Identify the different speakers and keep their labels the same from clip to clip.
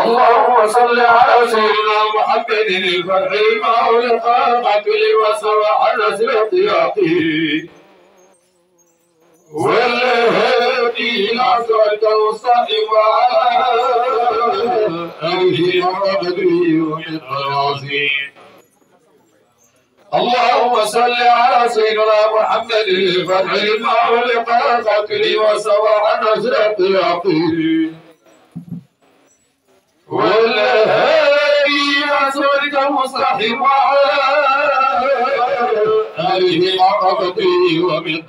Speaker 1: اللهم صل على سيدنا محمد الفرح ما أغلق قتل وسوى على صراط يقين والهادي إلى صراط المستقيم وعلى آله العظيم
Speaker 2: اللهم
Speaker 1: صل على سيدنا محمد الفرح ما أغلق قتل وسوى على صراط يقين والهادي عن سؤالك المستحيم هذه عقبتي ومن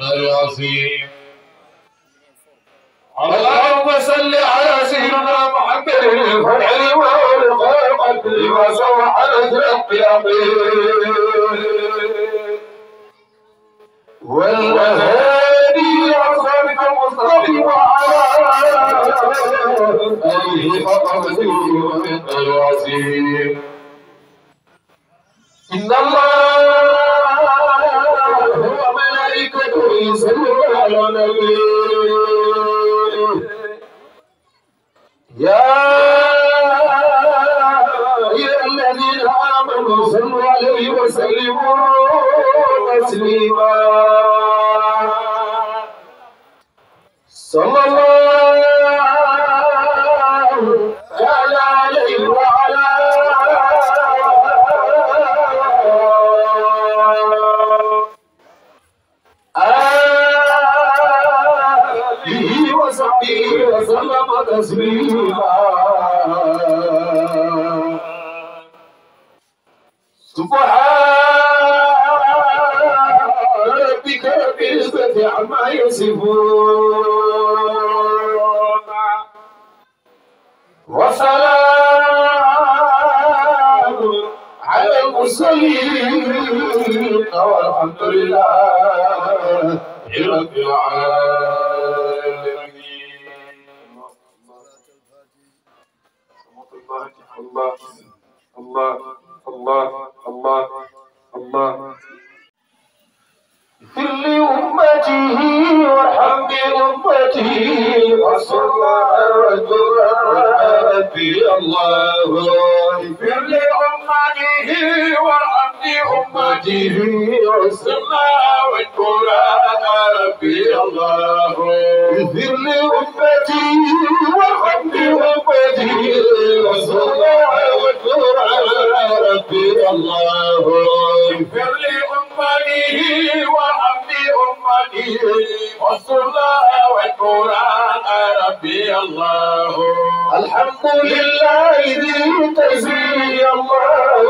Speaker 3: اللهم صل على سيدنا
Speaker 1: محمد الفرح والقلب لما سوى على القيام والهادي المصطفى وعلى آله وقبله ومن إن الله وملائكته يصلون على النبي يا أيها الذين آمنوا صلوا عليه وسلموا تسليما صلى الله تعالى عليه وعلى آله وصحبه وسلم تسليما سبحان العزة يصفون وسلام على المرسلين والحمد لله رب العالمين
Speaker 3: الله الله الله الله الله
Speaker 1: كل أمته وارحم بأمته وصلى على ربي الله اغفر لأمته وارحم بأمته وصلى على ربي الله اغفر لأمته وارحم بأمته وصلى على ربي الله اغفر
Speaker 3: لأمته وارحم
Speaker 1: ربي أمتي والصلاة والقرآن ربي الله الحمد لله ذي تزيي الله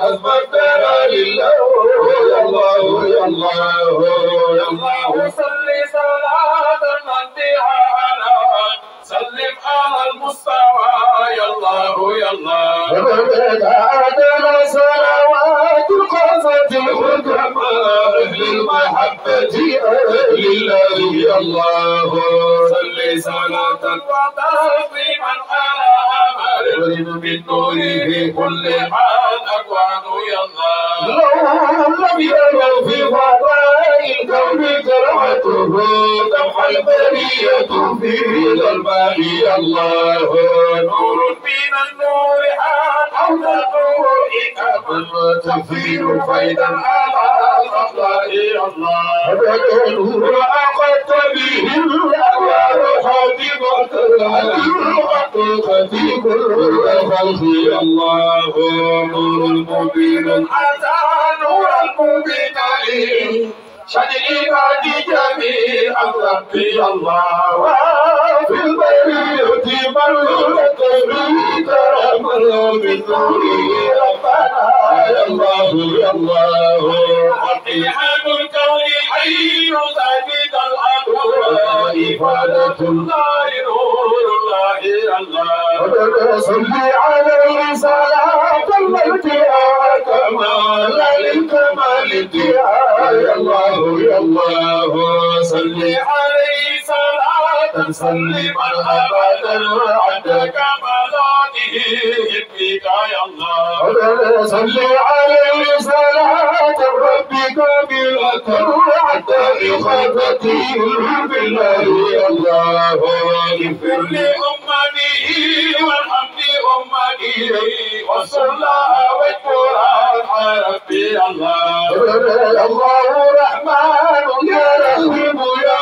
Speaker 3: أكبر
Speaker 1: لله يا الله يا الله يا الله صل صلاة من على سلم على المصطفى يا الله يا الله ومن عادنا صلوات القصد الخدمة للمرء محبتي لله الله صل صلاة وتسليما على أمر من نوره كل حال أكوان يا الله لو لم يروا في فضاء الكون جرعته تمحى البرية في ذا الماء يا الله نور من النور حول الضوء كمن تفير فيدا على الأخلاق فبلغوا وأخذت
Speaker 3: به الأنوار خطيبة الحديقة
Speaker 1: خطيب الخلق الله نور المبين
Speaker 3: أتى
Speaker 1: نور المبين شجري بعد جميع ربي الله في البرية ملولة بي كرم من نوري يا الله يا الله فقيح الكون حي سديد الأنوار إفادة الله نور الله الله صلي عليه صلاة الموت كمال للكمال يا الله يا الله صلي عليه صلاة صلاة صلي مرحبا عندك
Speaker 3: ملاته حبك يا الله صلي عليه صلاة
Speaker 1: ربي كبيرة حتى إخافتي بالله الله اغفر لأمتي وارحمني أمتي وصلى واجبرها يا ربي الله الله رحمن يا رحيم يا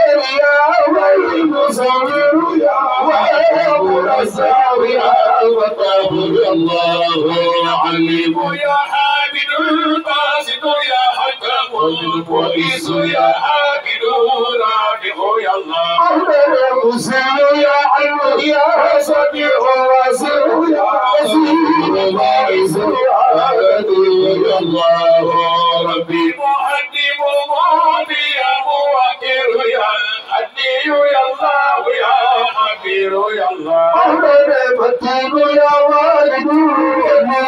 Speaker 1: سويا ويا سويا وطاب الله عليم يا حامد القاسد يا حكم القيس يا حامد رافع يا الله مسلم يا علم يا سميع يا عزيز يا الا الله
Speaker 3: ربي مقدم
Speaker 1: ماضي يا موكر يا أدي يا الله يا خبير يا الله أهلا بطيب يا والد أدي يا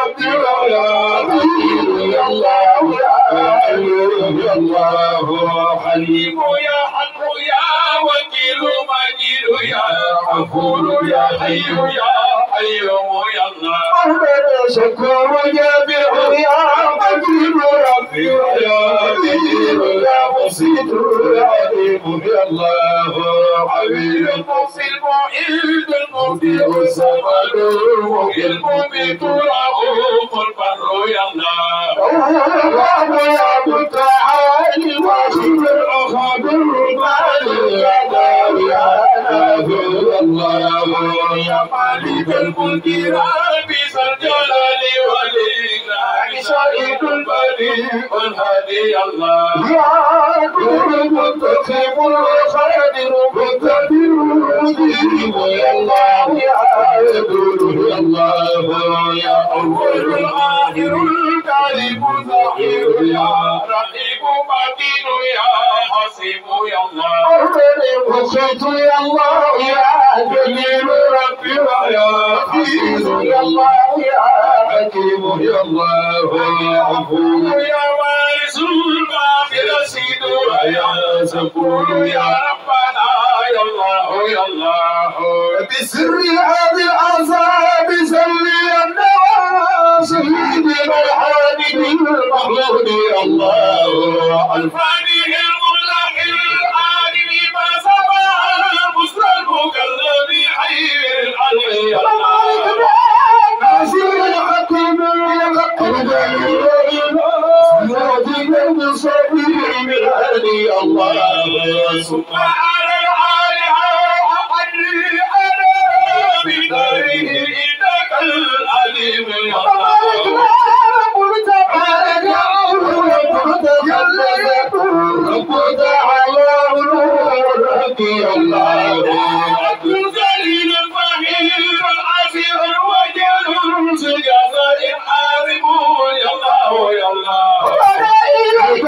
Speaker 1: عبد الله يا الله يا الله حليم يا حق يا وكيل مجيد يا غفور يا حي يا قيوم يا الله أهلا شكور يا بحري يا مجيب ربي ويا مجيب يا مصيد العليم
Speaker 3: يا الله حبيب
Speaker 1: المصيب المعيد المبدي الصمد المميت رؤوف البر يا
Speaker 3: الله
Speaker 2: يا متعالي وخبر خبر
Speaker 1: مالي شهيد بريء هادي الله يا نور منتسم الخير مقتدر مجيب يا الله
Speaker 3: يا نور يا الله يا اول الاخر الكريم الظهير يا
Speaker 1: رقيب متين يا حسيب يا الله وصيت يا الله يا جليل ربي يا عزيز يا الله يا حكيم يا الله هو عفو يا وارث الباقي رسيد يا سكون يا ربنا يا الله يا بسر هذه الأعصاب سلي النوى سيدي الحامد المحمود الله الفاتح المغلق العالم ما سبى المسلم كالذي حي
Speaker 3: العلي الله
Speaker 1: الله سبحان العالي وقدري انا بداره انك العليم تبارك رب تبارك رب جل رب تعالى نور ربي الله وإنني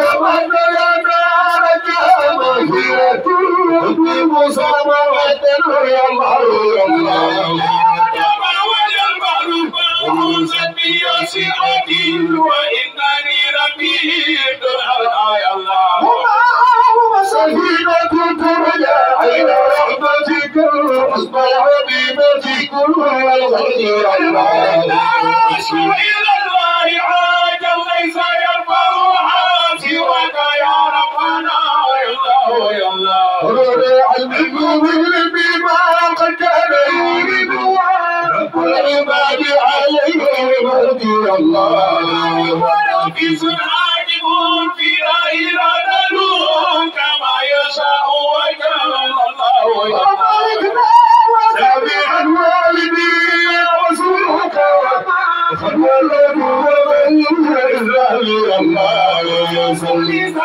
Speaker 1: ربي يا الله سفينة ترجع إلى رحمتك وسط حبيبتك والغير إلى الله حاجة ليس يرفعها سواك يا ربنا يلا يلا
Speaker 2: ربع
Speaker 1: المقبول بما قد كان يريد رب العباد عليه رضي الله ولو في Muslims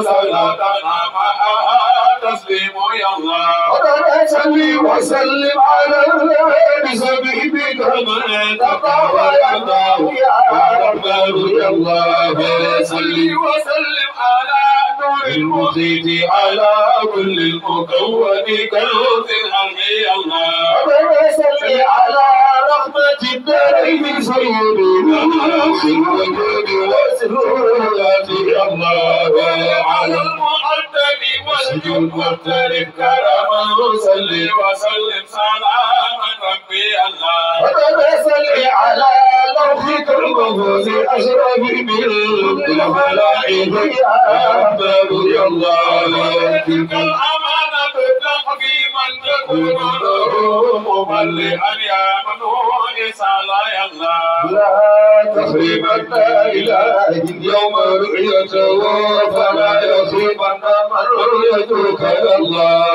Speaker 1: صلاة مع تسليم يا الله صلي وسلم على بسبيبك من تقوى يا الله يا رب يا الله يصيبن إلهي يوم رؤيته فلا يصيبن من رؤيتك يا الله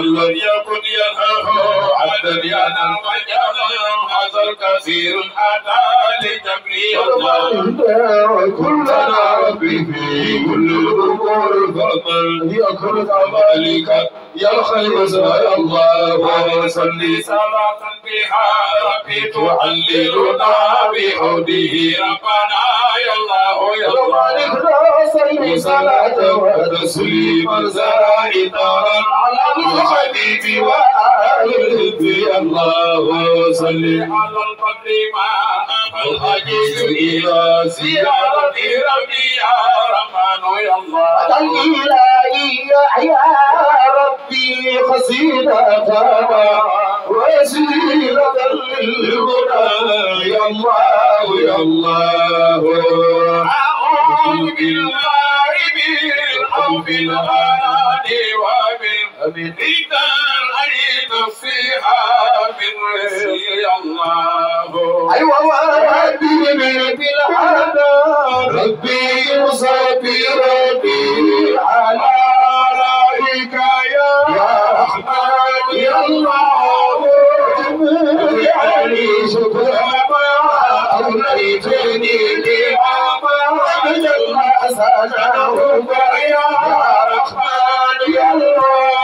Speaker 1: من يكن ينهه عن دنيانا وجهلا هذا الكثير أتى لتبرير كلنا ربي في كل الأمور فمن يكن كذلك يا خير الله وصلي صلاة بها ربي تعللنا بعوده ربنا يا الله يا الله صل صلاة وتسليما زائدا على الحبيب وآل الله صل على القدر ما الأجيز زيارتي ربي يا رحمن يا الله الإلهي ربي قصيدة وسيلة للغنى يا الله يا الله أعوذ حب الغنى إذا رأيت فيها من الله أيوة وأدري أيوة، أيوة. بالحنى ربي مصابي على رأيك يا رحمن يا الله يعني شكرا أوليتني لعما من الله سجعه يا رحمن يا الله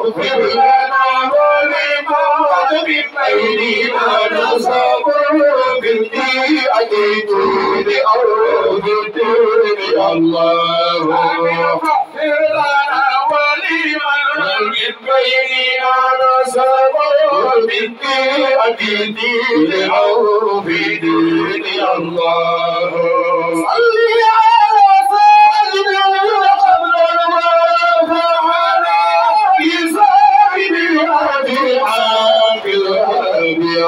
Speaker 1: واغفر لنا ولموت بالليل ونصبر بالدي أتيت بأرض الدنيا الله واغفر لنا ولمن من بيننا نصبر بالدي أتيت بأرض الدنيا الله
Speaker 3: صلي على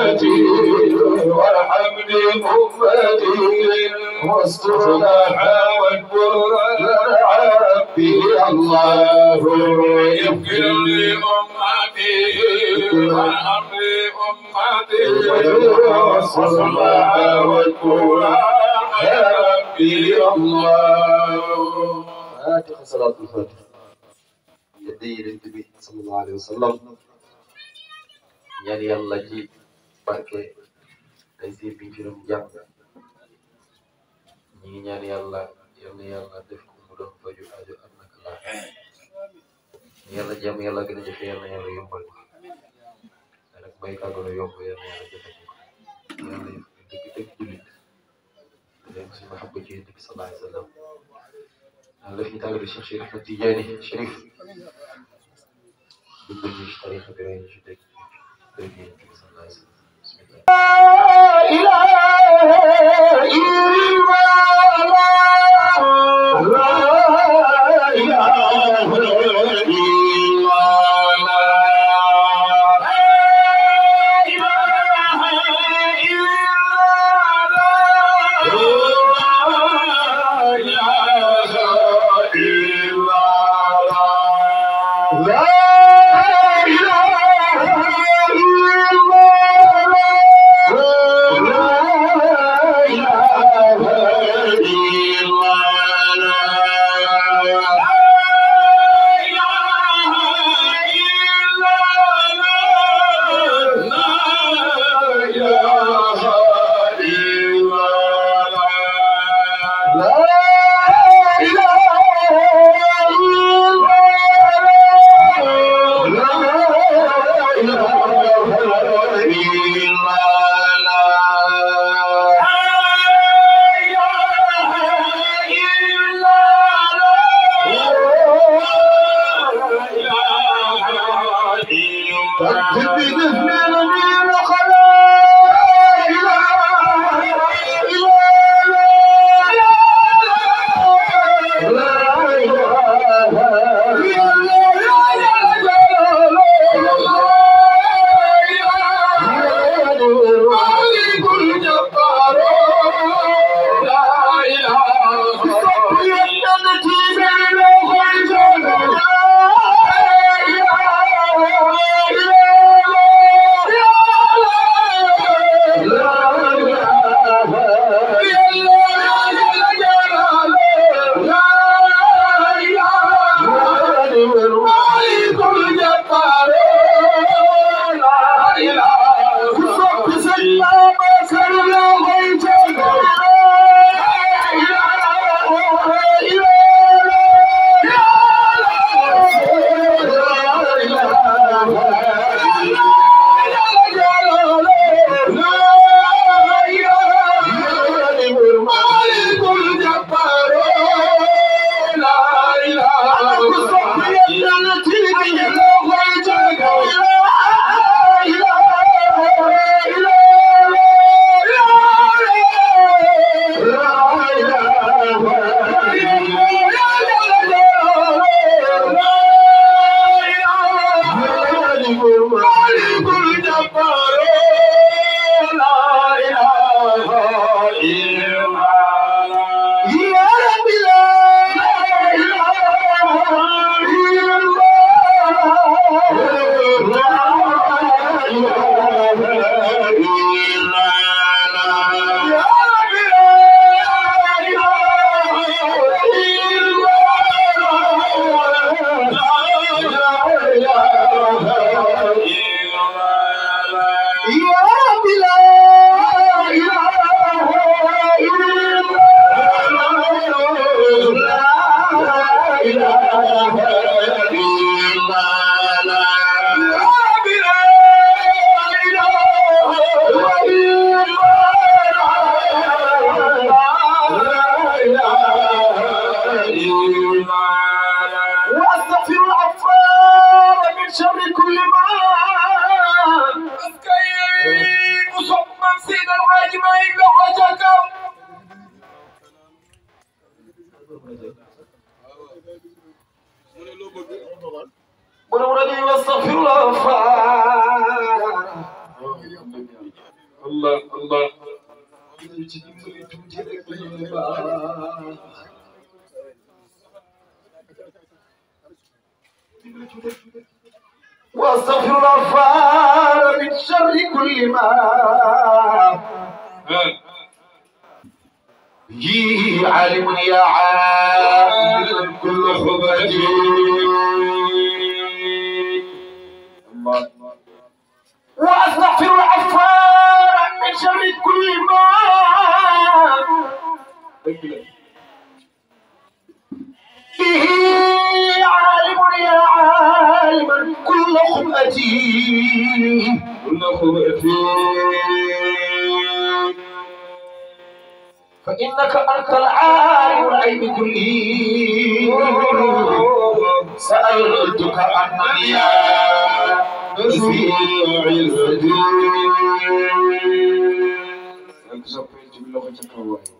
Speaker 1: أمتي وارحمني أمتي واسترها والبر في الله اغفر لأمتي وارحم لأمتي واسترها والبر ربي الله فاتح صلاة الفجر
Speaker 4: يدي للنبي صلى الله عليه وسلم يعني الله جيب
Speaker 5: barke ay si bi mbirum jàmm
Speaker 6: ñaan yàlla yàlla yàlla def ko mu doon faju aju ak naka la yàlla jàmm yàlla gën a jafe yàlla yàlla yombal ko rek bay kàddu la yomb yàlla yàlla jafe ko yàlla dëgg dëgg jullit léegi suñu xabb ci yéen bi sallallahu alayhi wa sallam la fi taalibi Cheikh Chérif
Speaker 3: إله إلا
Speaker 1: الله واستغفر الافعال من شر كل ما يي عالم يا عالم كل خبرتي واستغفر الافعال من شر كل ما به عالم يا عالم كل خطأتي كل خطأتي فإنك أنت العالم العيب كله سألتك أنني
Speaker 3: يا الهدي
Speaker 1: أكسب باللغة الروائية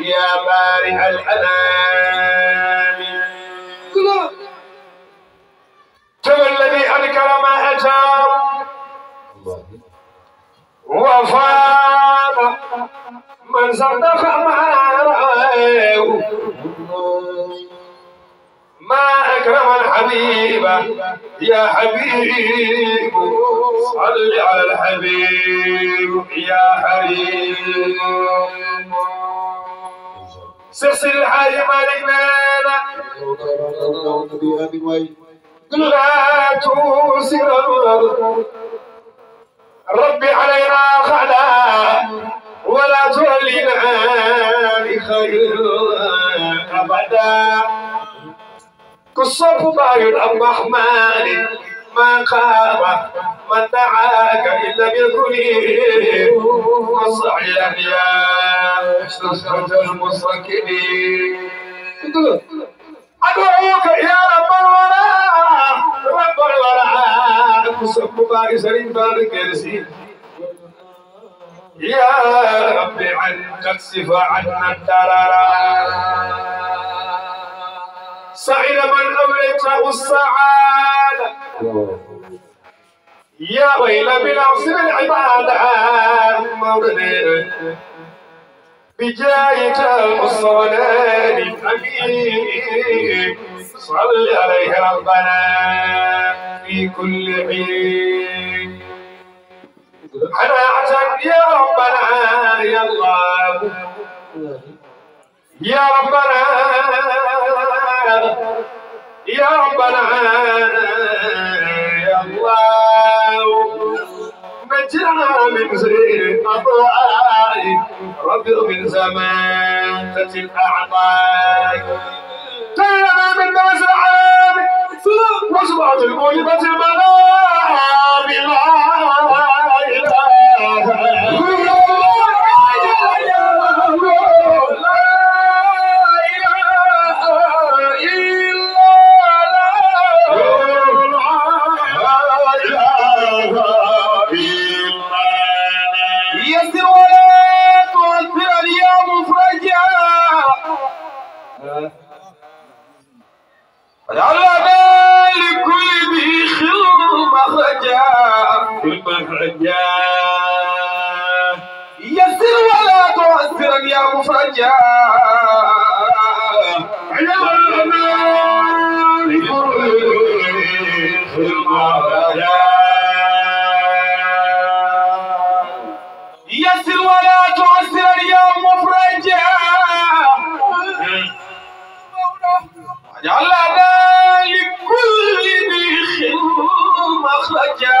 Speaker 1: يا بارئ الأنام ترى الذي أنكر ما أتى وفاض
Speaker 5: من
Speaker 3: صدق ما رأيه
Speaker 5: ما أكرم الحبيب يا حبيب
Speaker 1: صل على الحبيب يا حبيب سيسي الحاج مالك لنا لا توسر الأرض ربي علينا خلا ولا تولنا بخير أبدا قصة بايد أم رحمن ما خاب من دعاك الا لم يكن يا يا شجرة المستكبرين أدعوك يا رب الورى رب الورى تسب بارس الإنفاق كرسي يا رب أن تكسف عنا الدرر سعيد من أولئك السعادة يا ويل بنفسنا العبادة موردين بجاية الصلاة
Speaker 3: الحبيب
Speaker 1: صل عليه ربنا في كل حين حناعة
Speaker 5: يا ربنا
Speaker 1: يا الله يا ربنا يا ربنا يا الله نجنا من زين
Speaker 3: أطائي
Speaker 1: رب من زمانة الأعطاء طيرنا من نوز العام وصبعت الغيبة المنام لا إله إلا
Speaker 3: فرجاه
Speaker 1: يسر
Speaker 6: ولا تعسر
Speaker 3: يا مفرجاه يا
Speaker 1: مالك
Speaker 6: يسر ولا تعسر يا مفرجاه جعلنا
Speaker 1: لكل ذي مخرجا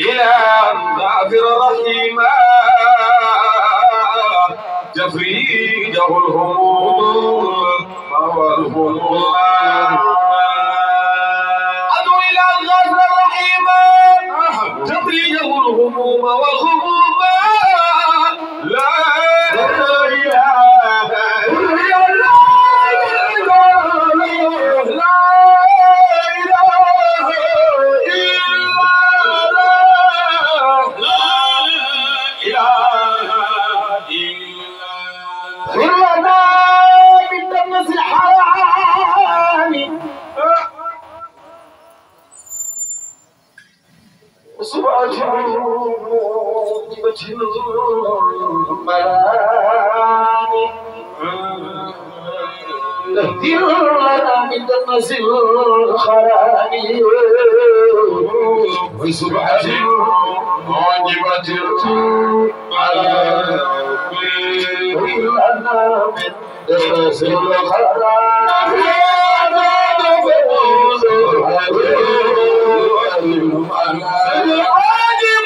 Speaker 5: إلى غافر رحيما تفريده الهموم فهو
Speaker 3: الهموم
Speaker 1: أدعو إلى الغافر رحيما تفريده الهموم والغموم لا إله إلا وجه المنام نهدي لنا من دنس الخرام وسبعة موجبة على كل أنام دنس الخرام الواجب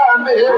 Speaker 1: You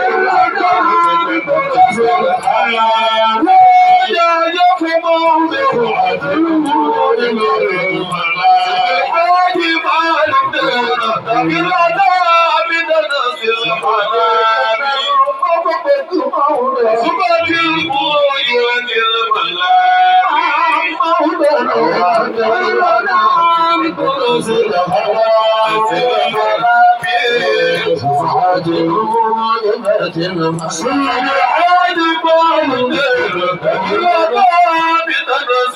Speaker 1: Oh, من كنوز الغرابيب وحاجبوا ولمة مصير حاجب والغير الغرابي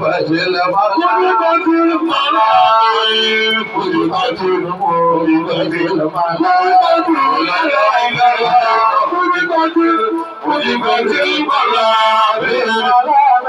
Speaker 3: فجل
Speaker 1: قلبة الملائم قلبة
Speaker 3: قلبة الملائم
Speaker 1: لا إله قلبة
Speaker 3: قلبة الملائم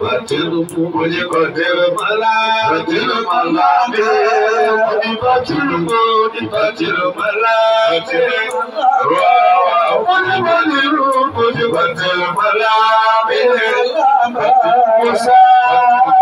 Speaker 1: Batilu kumuni batilu mala, batilu mala de. Kumuni batilu kumuni batilu mala, batilu
Speaker 3: mala. Kumuni
Speaker 1: batilu kumuni batilu mala, batilu mala.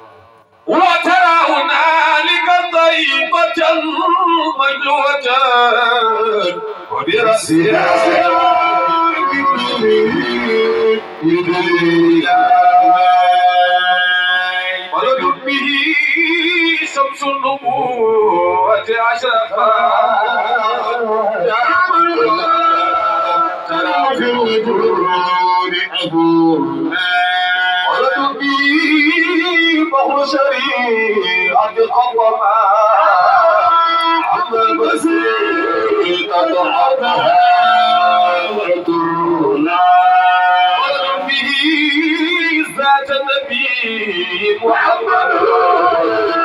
Speaker 1: وترى هنالك طيبة مجلوة وبرأسها
Speaker 3: يدلي ولد به
Speaker 1: شمس النبوة عشرة ترى في الوجود
Speaker 3: أبوها
Speaker 1: فهو شريعة حرما
Speaker 3: عما بسيط حضارتنا ولم
Speaker 1: به ذات النبي محمد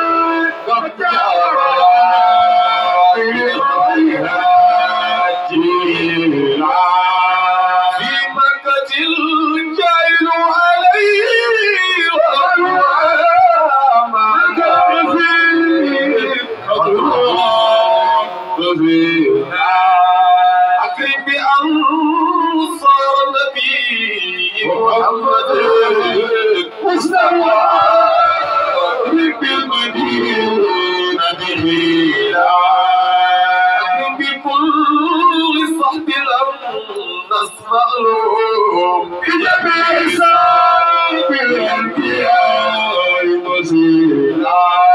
Speaker 1: Yeah.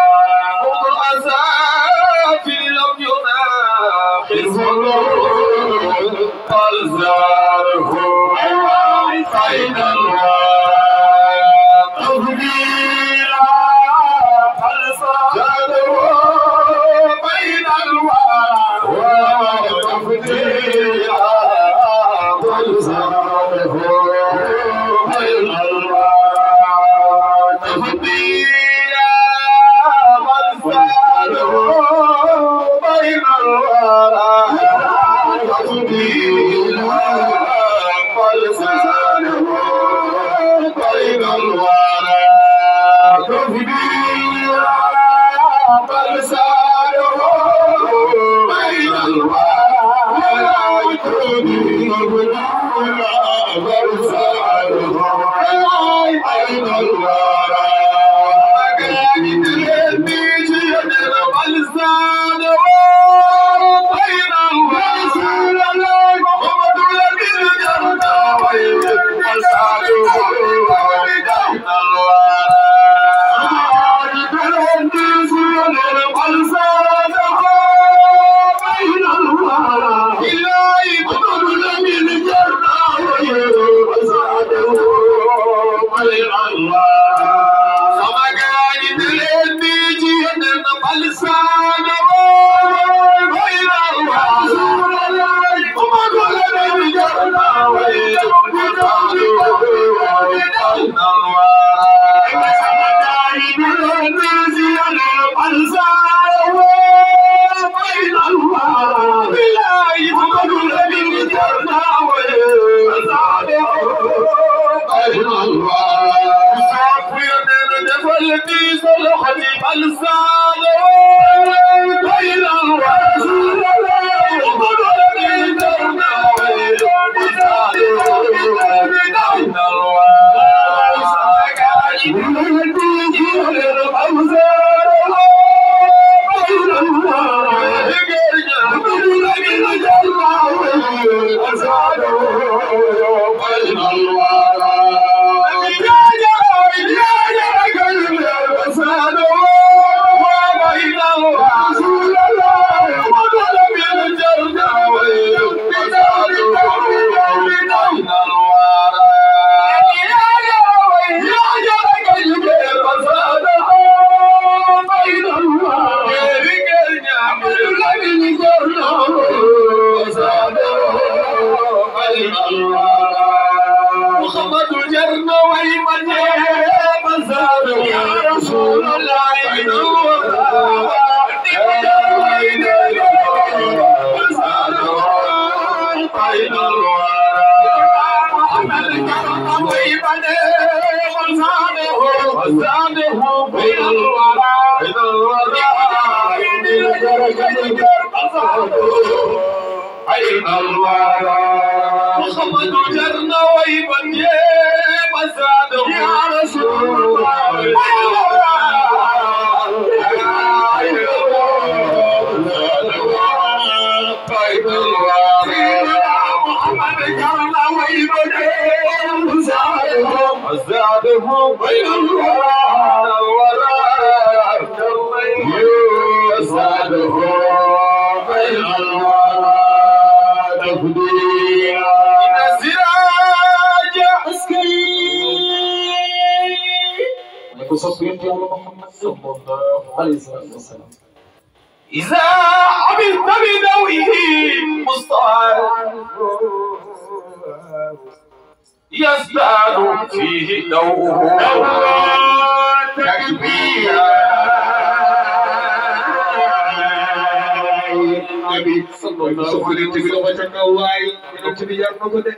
Speaker 1: ma soxla leen tamit loxo ca kaw waaye yonent bi yar na ko de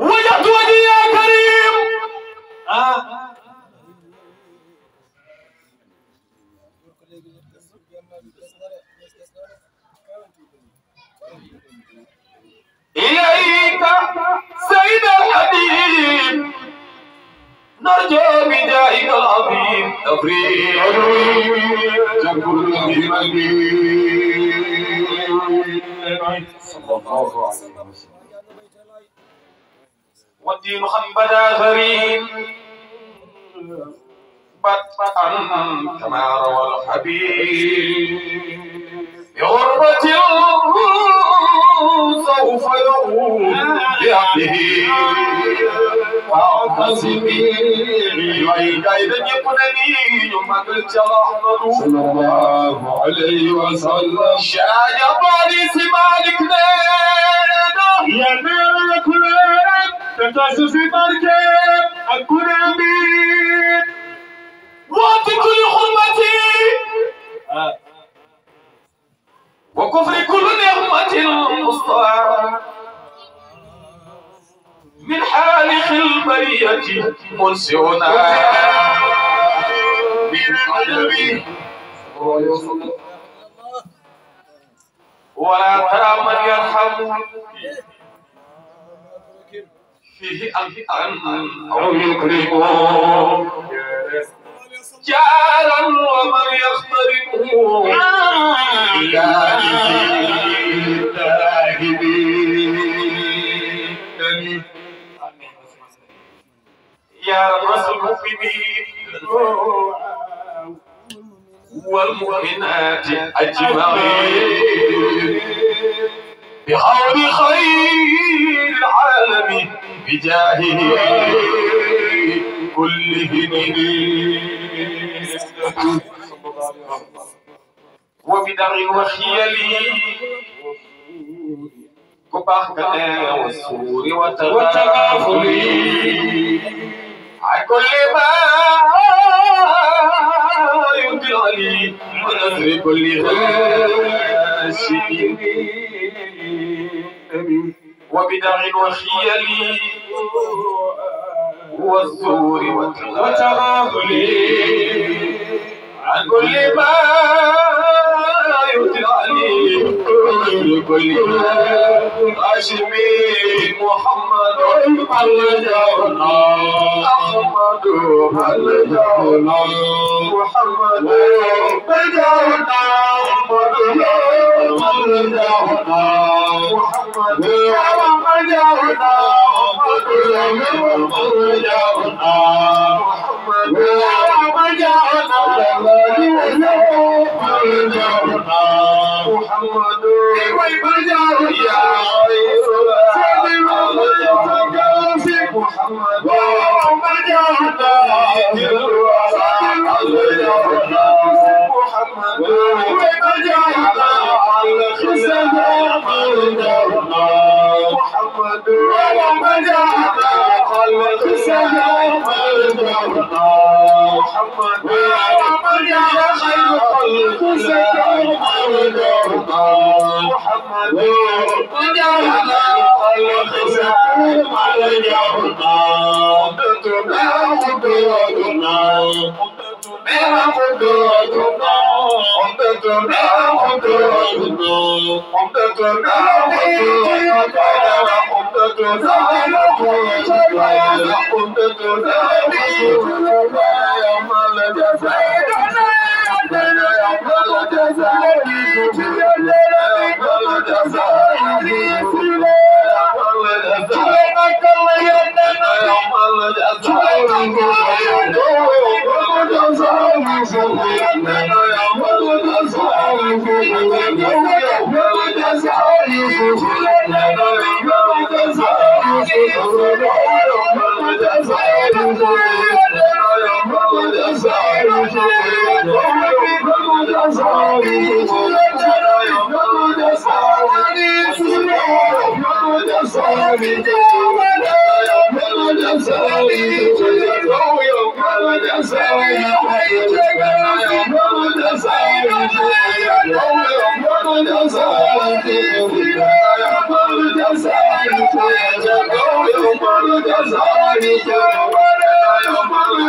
Speaker 3: وجدت وجهي يا كريم آه.
Speaker 1: إليك سيد الحبيب نرجى بدائك العظيم تفريج تكون
Speaker 6: بمجيد صلى الله عليه وسلم والدين خن بدا غريب بدءا كما روى الحبيب
Speaker 3: بغربة سوف
Speaker 1: يقوم بأمره فاعتصمي لويك إذا يقنني يمك الجلال صلى الله عليه وسلم شاد باريس مالك يا مالك تتاسسي مركب أكون أمين وأنت كل خدمتي
Speaker 6: وكفر كل نعمة مستعار من حال خلبية منسئنا ولا ترى من يرحم فيه أن أو يكرهه
Speaker 1: جعل ومن يخترقه لا يا رب
Speaker 2: المؤمنين والمؤمنات
Speaker 3: اجمعين
Speaker 1: بحول خير العالم بجاهه
Speaker 6: كله وبدع وخيل كباح كتاب والسور وتغافل عن
Speaker 1: كل ما
Speaker 6: يبدع لي من أمر
Speaker 1: كل غاشم
Speaker 6: وبدع وخيل والزور وتغافلين عن كل ما
Speaker 1: يدراني من كل ما أشمي محمد محمد أحمد بلغنا محمد بلغنا محمد محمد بلغنا محمد محمد محمد محمد والحسناء والبرقاء ويا مريم خير خلق الله والبرقاء
Speaker 3: ويا مريم
Speaker 1: خير خلق الله والبرقاء I'm yerlere yapmalı cezayı Ki yerlere yapmalı cezayı Birisiyle
Speaker 3: yapmalı cezayı Kimin akıllı yerlere
Speaker 1: yapmalı cezayı Kimin akıllı yapmalı cezayı Kimin akıllı yapmalı cezayı Kimin akıllı yapmalı cezayı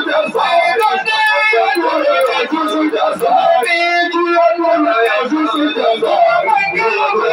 Speaker 1: Desire,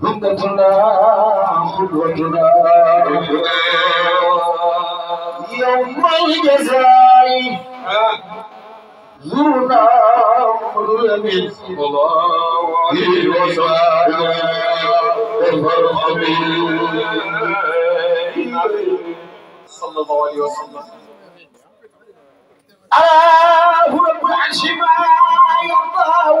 Speaker 1: ذمتنا قدوتنا يوم الجزاء زرنا مظلم بالوفاء والمرحم
Speaker 4: صلى الله عليه وسلم
Speaker 1: أراه رب العرش ما يرضاه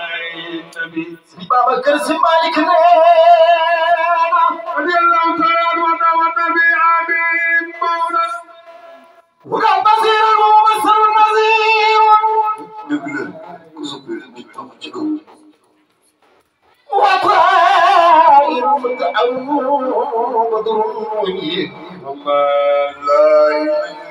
Speaker 1: Sëriñ Babacar Si Malick nee na radiyallahu taala anhu wa nabi amin mawna
Speaker 2: wugal basir al mubassir
Speaker 1: al nazir dëgg la ku soppe nit am ci kaw wa ta'ir muta'awwid wa durun wa la ilaha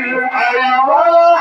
Speaker 1: you, I want.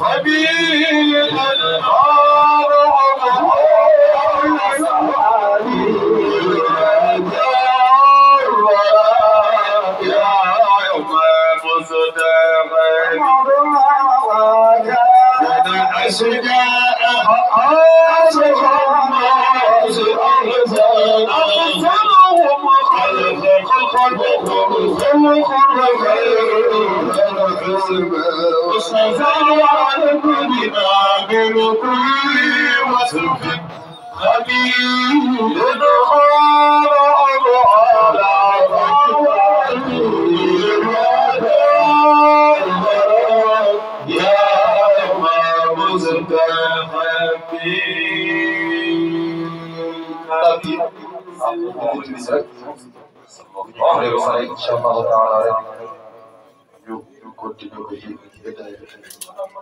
Speaker 1: خبير خير كل وصف خبير ادخال اضعال يا امام صلى الله
Speaker 4: عليه وسلم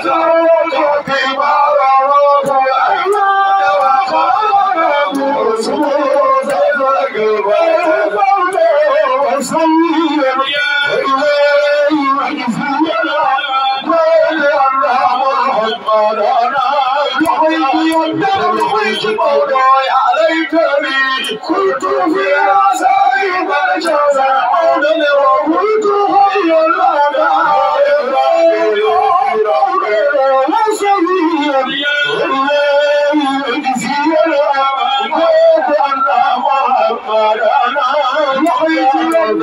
Speaker 1: Let's go!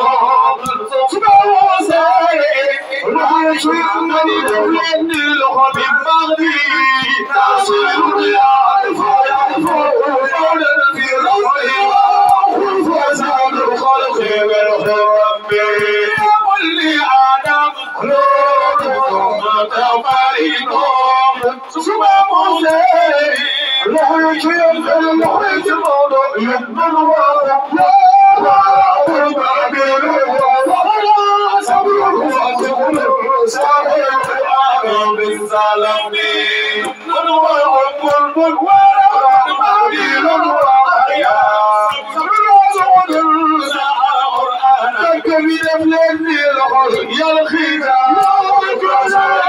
Speaker 1: Come on, say. محيط يسأل محيط الموضوع يقبل وراء يا الخير يا الخير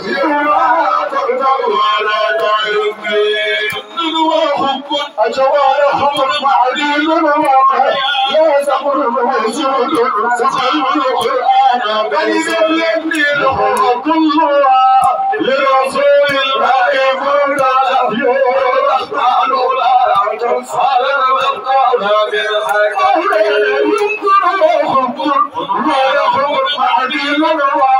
Speaker 1: أجوار حمر معليل الواقع لا تقر موجود سخيم القرآن بل سلمني الحر كلها لرسول الله فردا يا رحمن لا تنصر الأبطال بالحق أهل ينظر وخبر لا يخبر معليل الواقع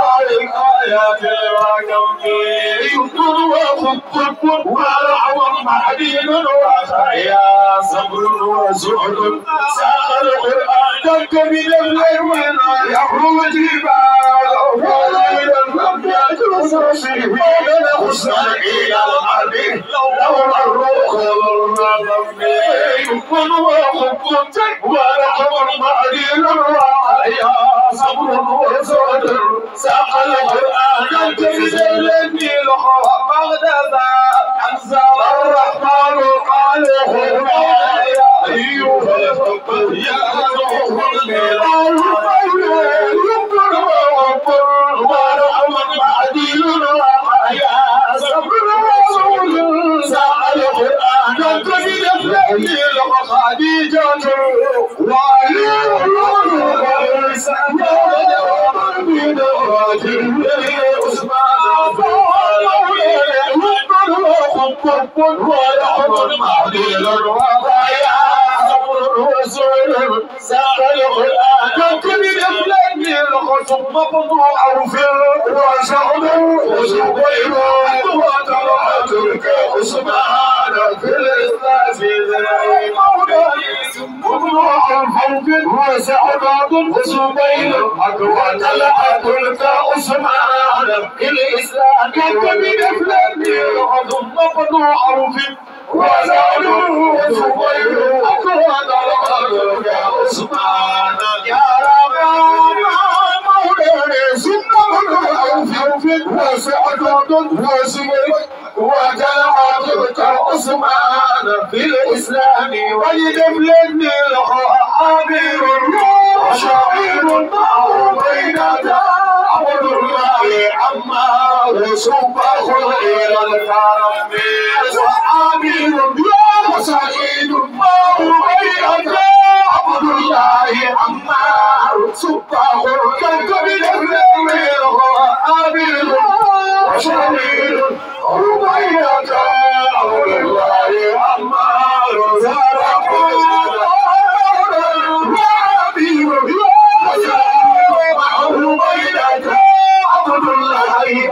Speaker 1: وخطب ورع ومحدين وخيا صبر وزهد ساق القرآن كبير الغرمان يحرم الجبال وليل المبيات وصوصيه ومن خسر إلى الأرض لو الروح والمضمين وخطب ورع ومحدين وخيا صبر وزهد ساق القرآن تنزل النيل بغداد أنزل الرحمن قال يا أيها الفقر يا حق ورحم معدل وضايا صبر وسلم ساق القرآن خصمته أو في وسعده وسوينا وترعتك عثمان في الإسلام ذي وسعداد وسبيل أكوان العدلك عثمان في الإسلام كتبين فلان
Speaker 5: وعظم نقض عرف وزعد وسبيل أكوان العدلك
Speaker 1: عثمان يا رب في وسعد وسمي وجاءت عثمان في الاسلام ولدبلن الخابر الروح شعير معه بين دعوة الله عما وسوف أخذ إلى الكرم وآمين سعيد بوبيئة عبد الله عمار سوف أخذ كالكبير الرمير وآمين وشهيد ربيئة عبد الله عمار ورقود يا سعيد الله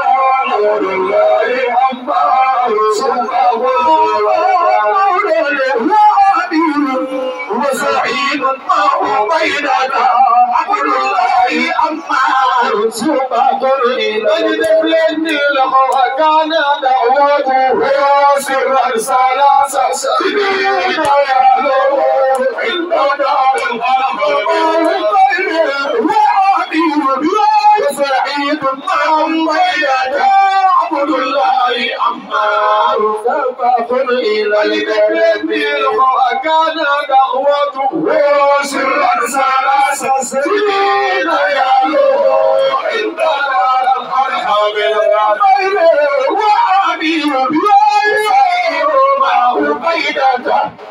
Speaker 1: رسول الله عمار صلى الله عليه وآله وزعيم الله بيننا عبد الله عمار سبق المجد بلند له وكان دعوته يا سر الرسالة سبيل يا عندنا الغرب وعدي سعيد يا يعبد الله عمار سبق إلى الجنة وكان دعوته سرا ثلاث سنين يعلو عندنا الأرحام الغير وعبيد يسير معه بيدته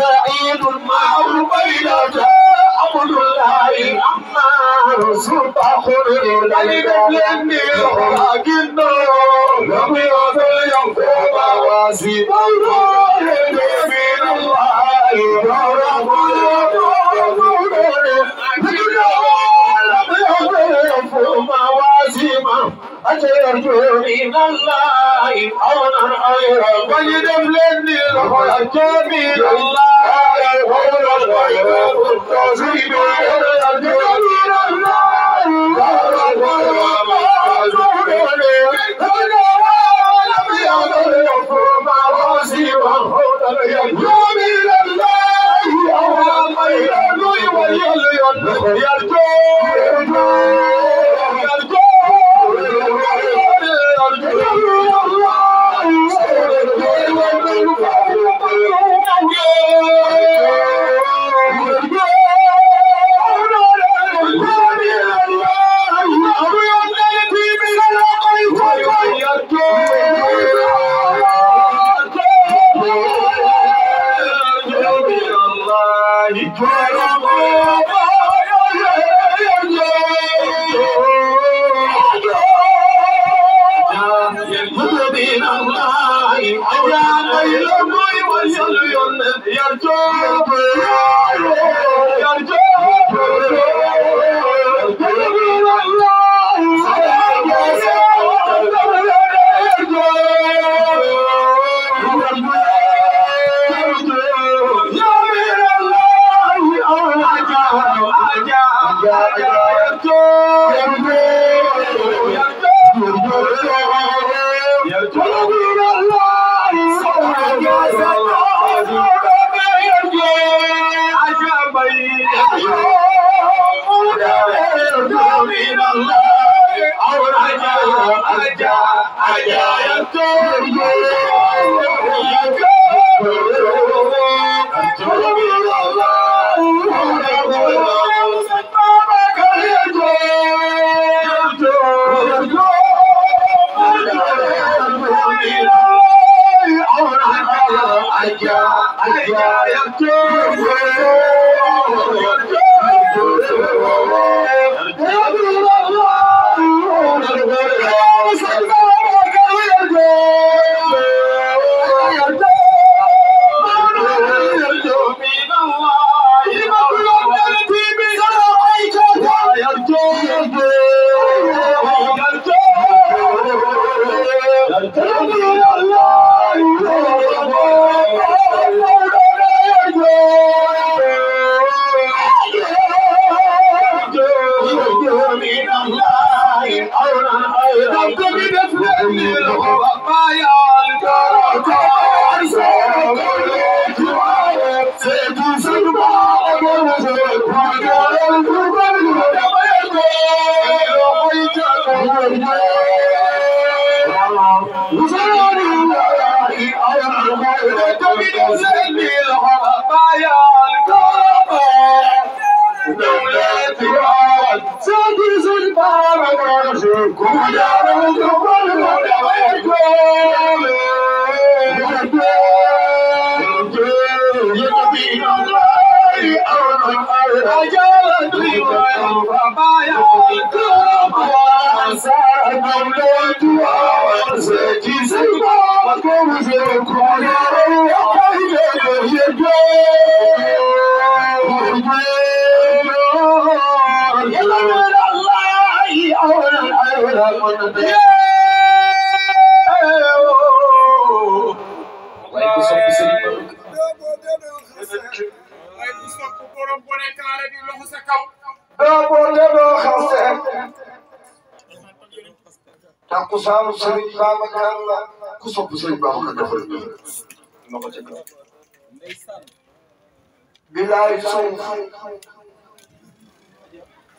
Speaker 1: سعيد معه بينة عبد الله عمار سبح للعلم لم يراجل لم يزل يقوم واسيب الظالم من الله ورب العالمين أترجون من الله أمرا خيرا ولدم لني الجميل الله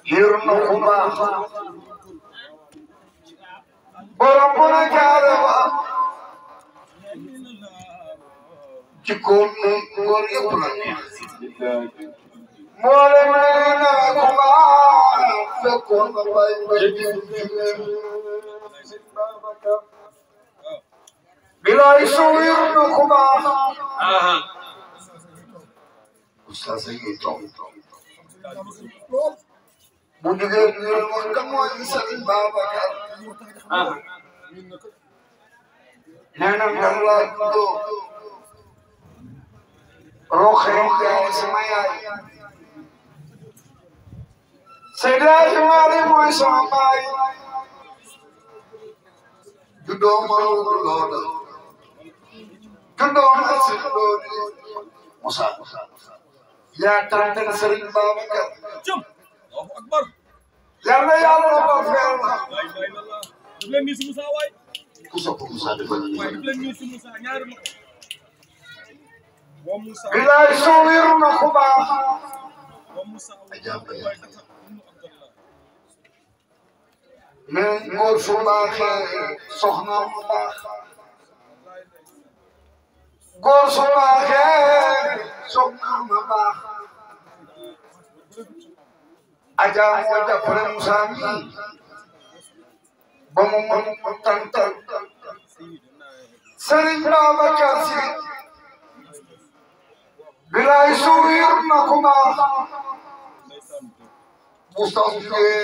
Speaker 1: yër na ku baax borom bu na nun góor yëpp la na ku baax fekkoon na bay ba jëm jëm
Speaker 3: bilaay su yër na
Speaker 4: Ustaz Sayyid Tom. Mudirir Nil Mahkamah
Speaker 1: Isa'in Babakar. Nanam Dallah itu Rokhim Kaya Semaya. Sedih kemari mau sampai. Gedong mau berloda. Gedong hasil lori. Musa, musa, musa. yaa tàntal Serigne Babacar. Allahu akbar. yal na yàlla la ko fayal ma.
Speaker 2: daf leen nii si Moussa waay. ku sopp Moussa defal ñu. waay daf leen
Speaker 1: nii si Moussa ñaari ma. moom Moussa. bilaay soo wéeru na ku baax. moom Moussa waay. mais ngóor su baaxee soxna bu baax.
Speaker 2: góor su waxee
Speaker 1: soxna ma baax Adja moo jàppale Moussa mi ba mu mën ko tantal Serigne Babacar Sy bilaay sourire na ku baax mu sàmpee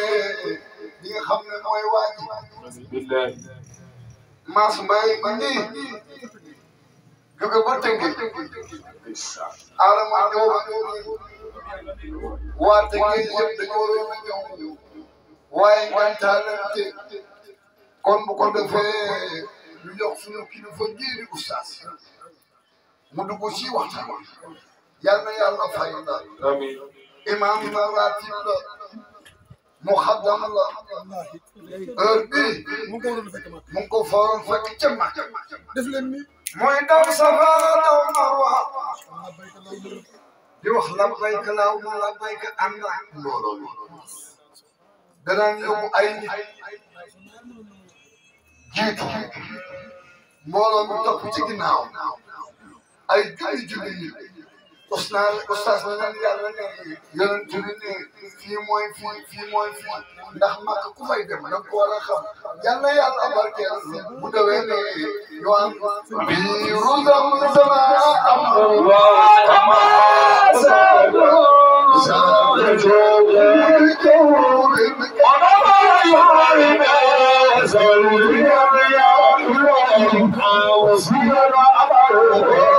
Speaker 1: li nga xam ne mooy waaj Mass Mbaye ma nii jóge ba Tëngéej
Speaker 4: Adama ñëw
Speaker 1: waa Tëngéej yëpp dañoo war a ñëw waaye gàncax kon bu ko defee ñu jox suñu kilifa njiiri oustaz mu dugg ci waxtaan yal na yàlla fay la imaam la ratib la mu xaddam la heure mu ko faroon fekk ca ma def leen nii mooy daw safa daw marwa di wax labbayk laahumma labbayk am na loolu danaan yóbbu ay jiitu mbooloo mi topp ci ginnaaw ay julli julli oustaz oustaz na leen yàlla ne yonent bi ne fii mooy fii fii mooy fii ndax màkk ku fay dem da ko war a xam yàlla yàlla barkeel bu dawee ne ñu am bii rusam sama am Thank you.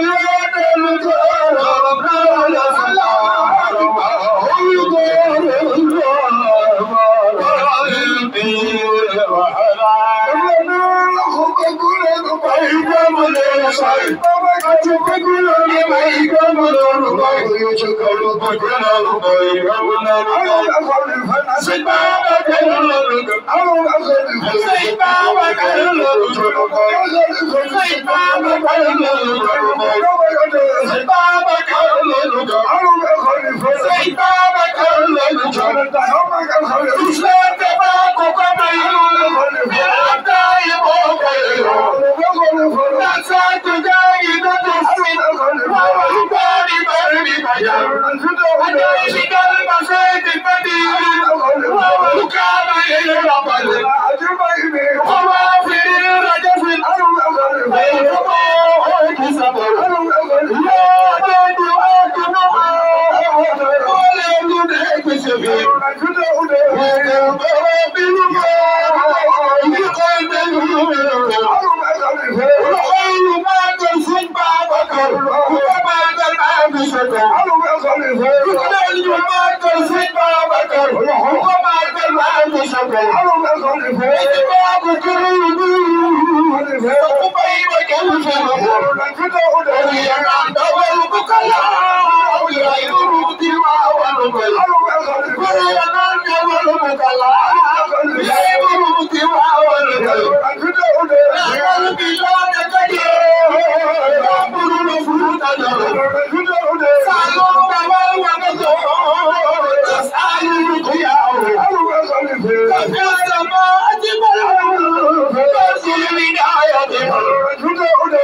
Speaker 1: Sorry. That's how to you Oh, my God. sëñ Babacar ku ko màggal am na sa kaw. ku mel ni màggal sëñ Babacar ku ko màggal am na sa kaw. nit boobu kuréel gu ku bay ba kenn fenn ko. kon yéen a dawal bu kalaaw
Speaker 2: yaay dugg
Speaker 1: di waa wàllu mbay. kon yéen a dawal bu kalaaw yaay dugg di waa wàllu mbay. او ها
Speaker 3: راتو نبي
Speaker 1: تا دل ودھو دے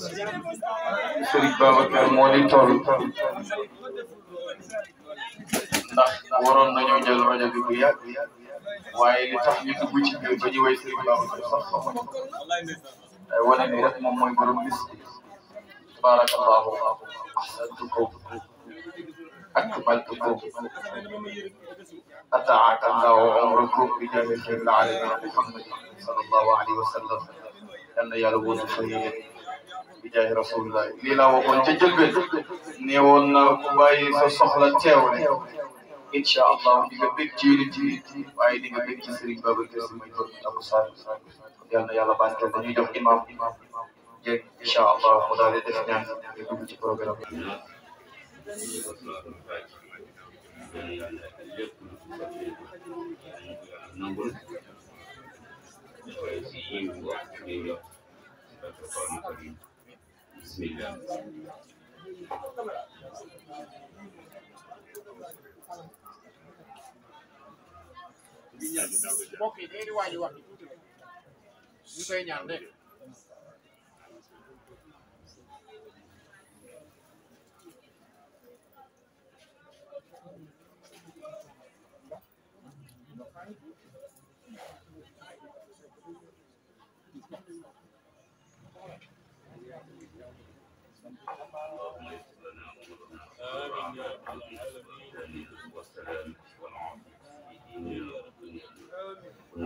Speaker 3: Serigne Babacar moo ni toll
Speaker 4: ndax waroon nañoo jël rajo
Speaker 6: bi bu yàgg waaye li tax ñu dugg ci biir ba ñu way Serigne Babacar sax xamuñu ko day wane ni rek moom mooy borom bis bi barakallahu ahsantu ko akmaltu
Speaker 4: ko
Speaker 3: ataaka allahu
Speaker 4: amrakum bi jaahi al-alamin Muhammad sallallahu alayhi wa sallam yal na yàlla wóor na sa yéene bi jaay rasulullah lii laa waxoon ca jëlbeen
Speaker 6: ne woon naa ku bàyyi sa soxla teewle incha allah di nga bég ci yéen ci waaye di nga bég ci Serigne Babacar Sy may doon Abou Sarr yal na yàlla baal kenn dañuy jox imam imam jéeg incha allah mu daal di def ñaan di
Speaker 3: dugg ci programme bi. nangul dafay si yiw wax yiw yokk القرآن الكريم بسم الله mbokk yi dañuy waaj a wax ñu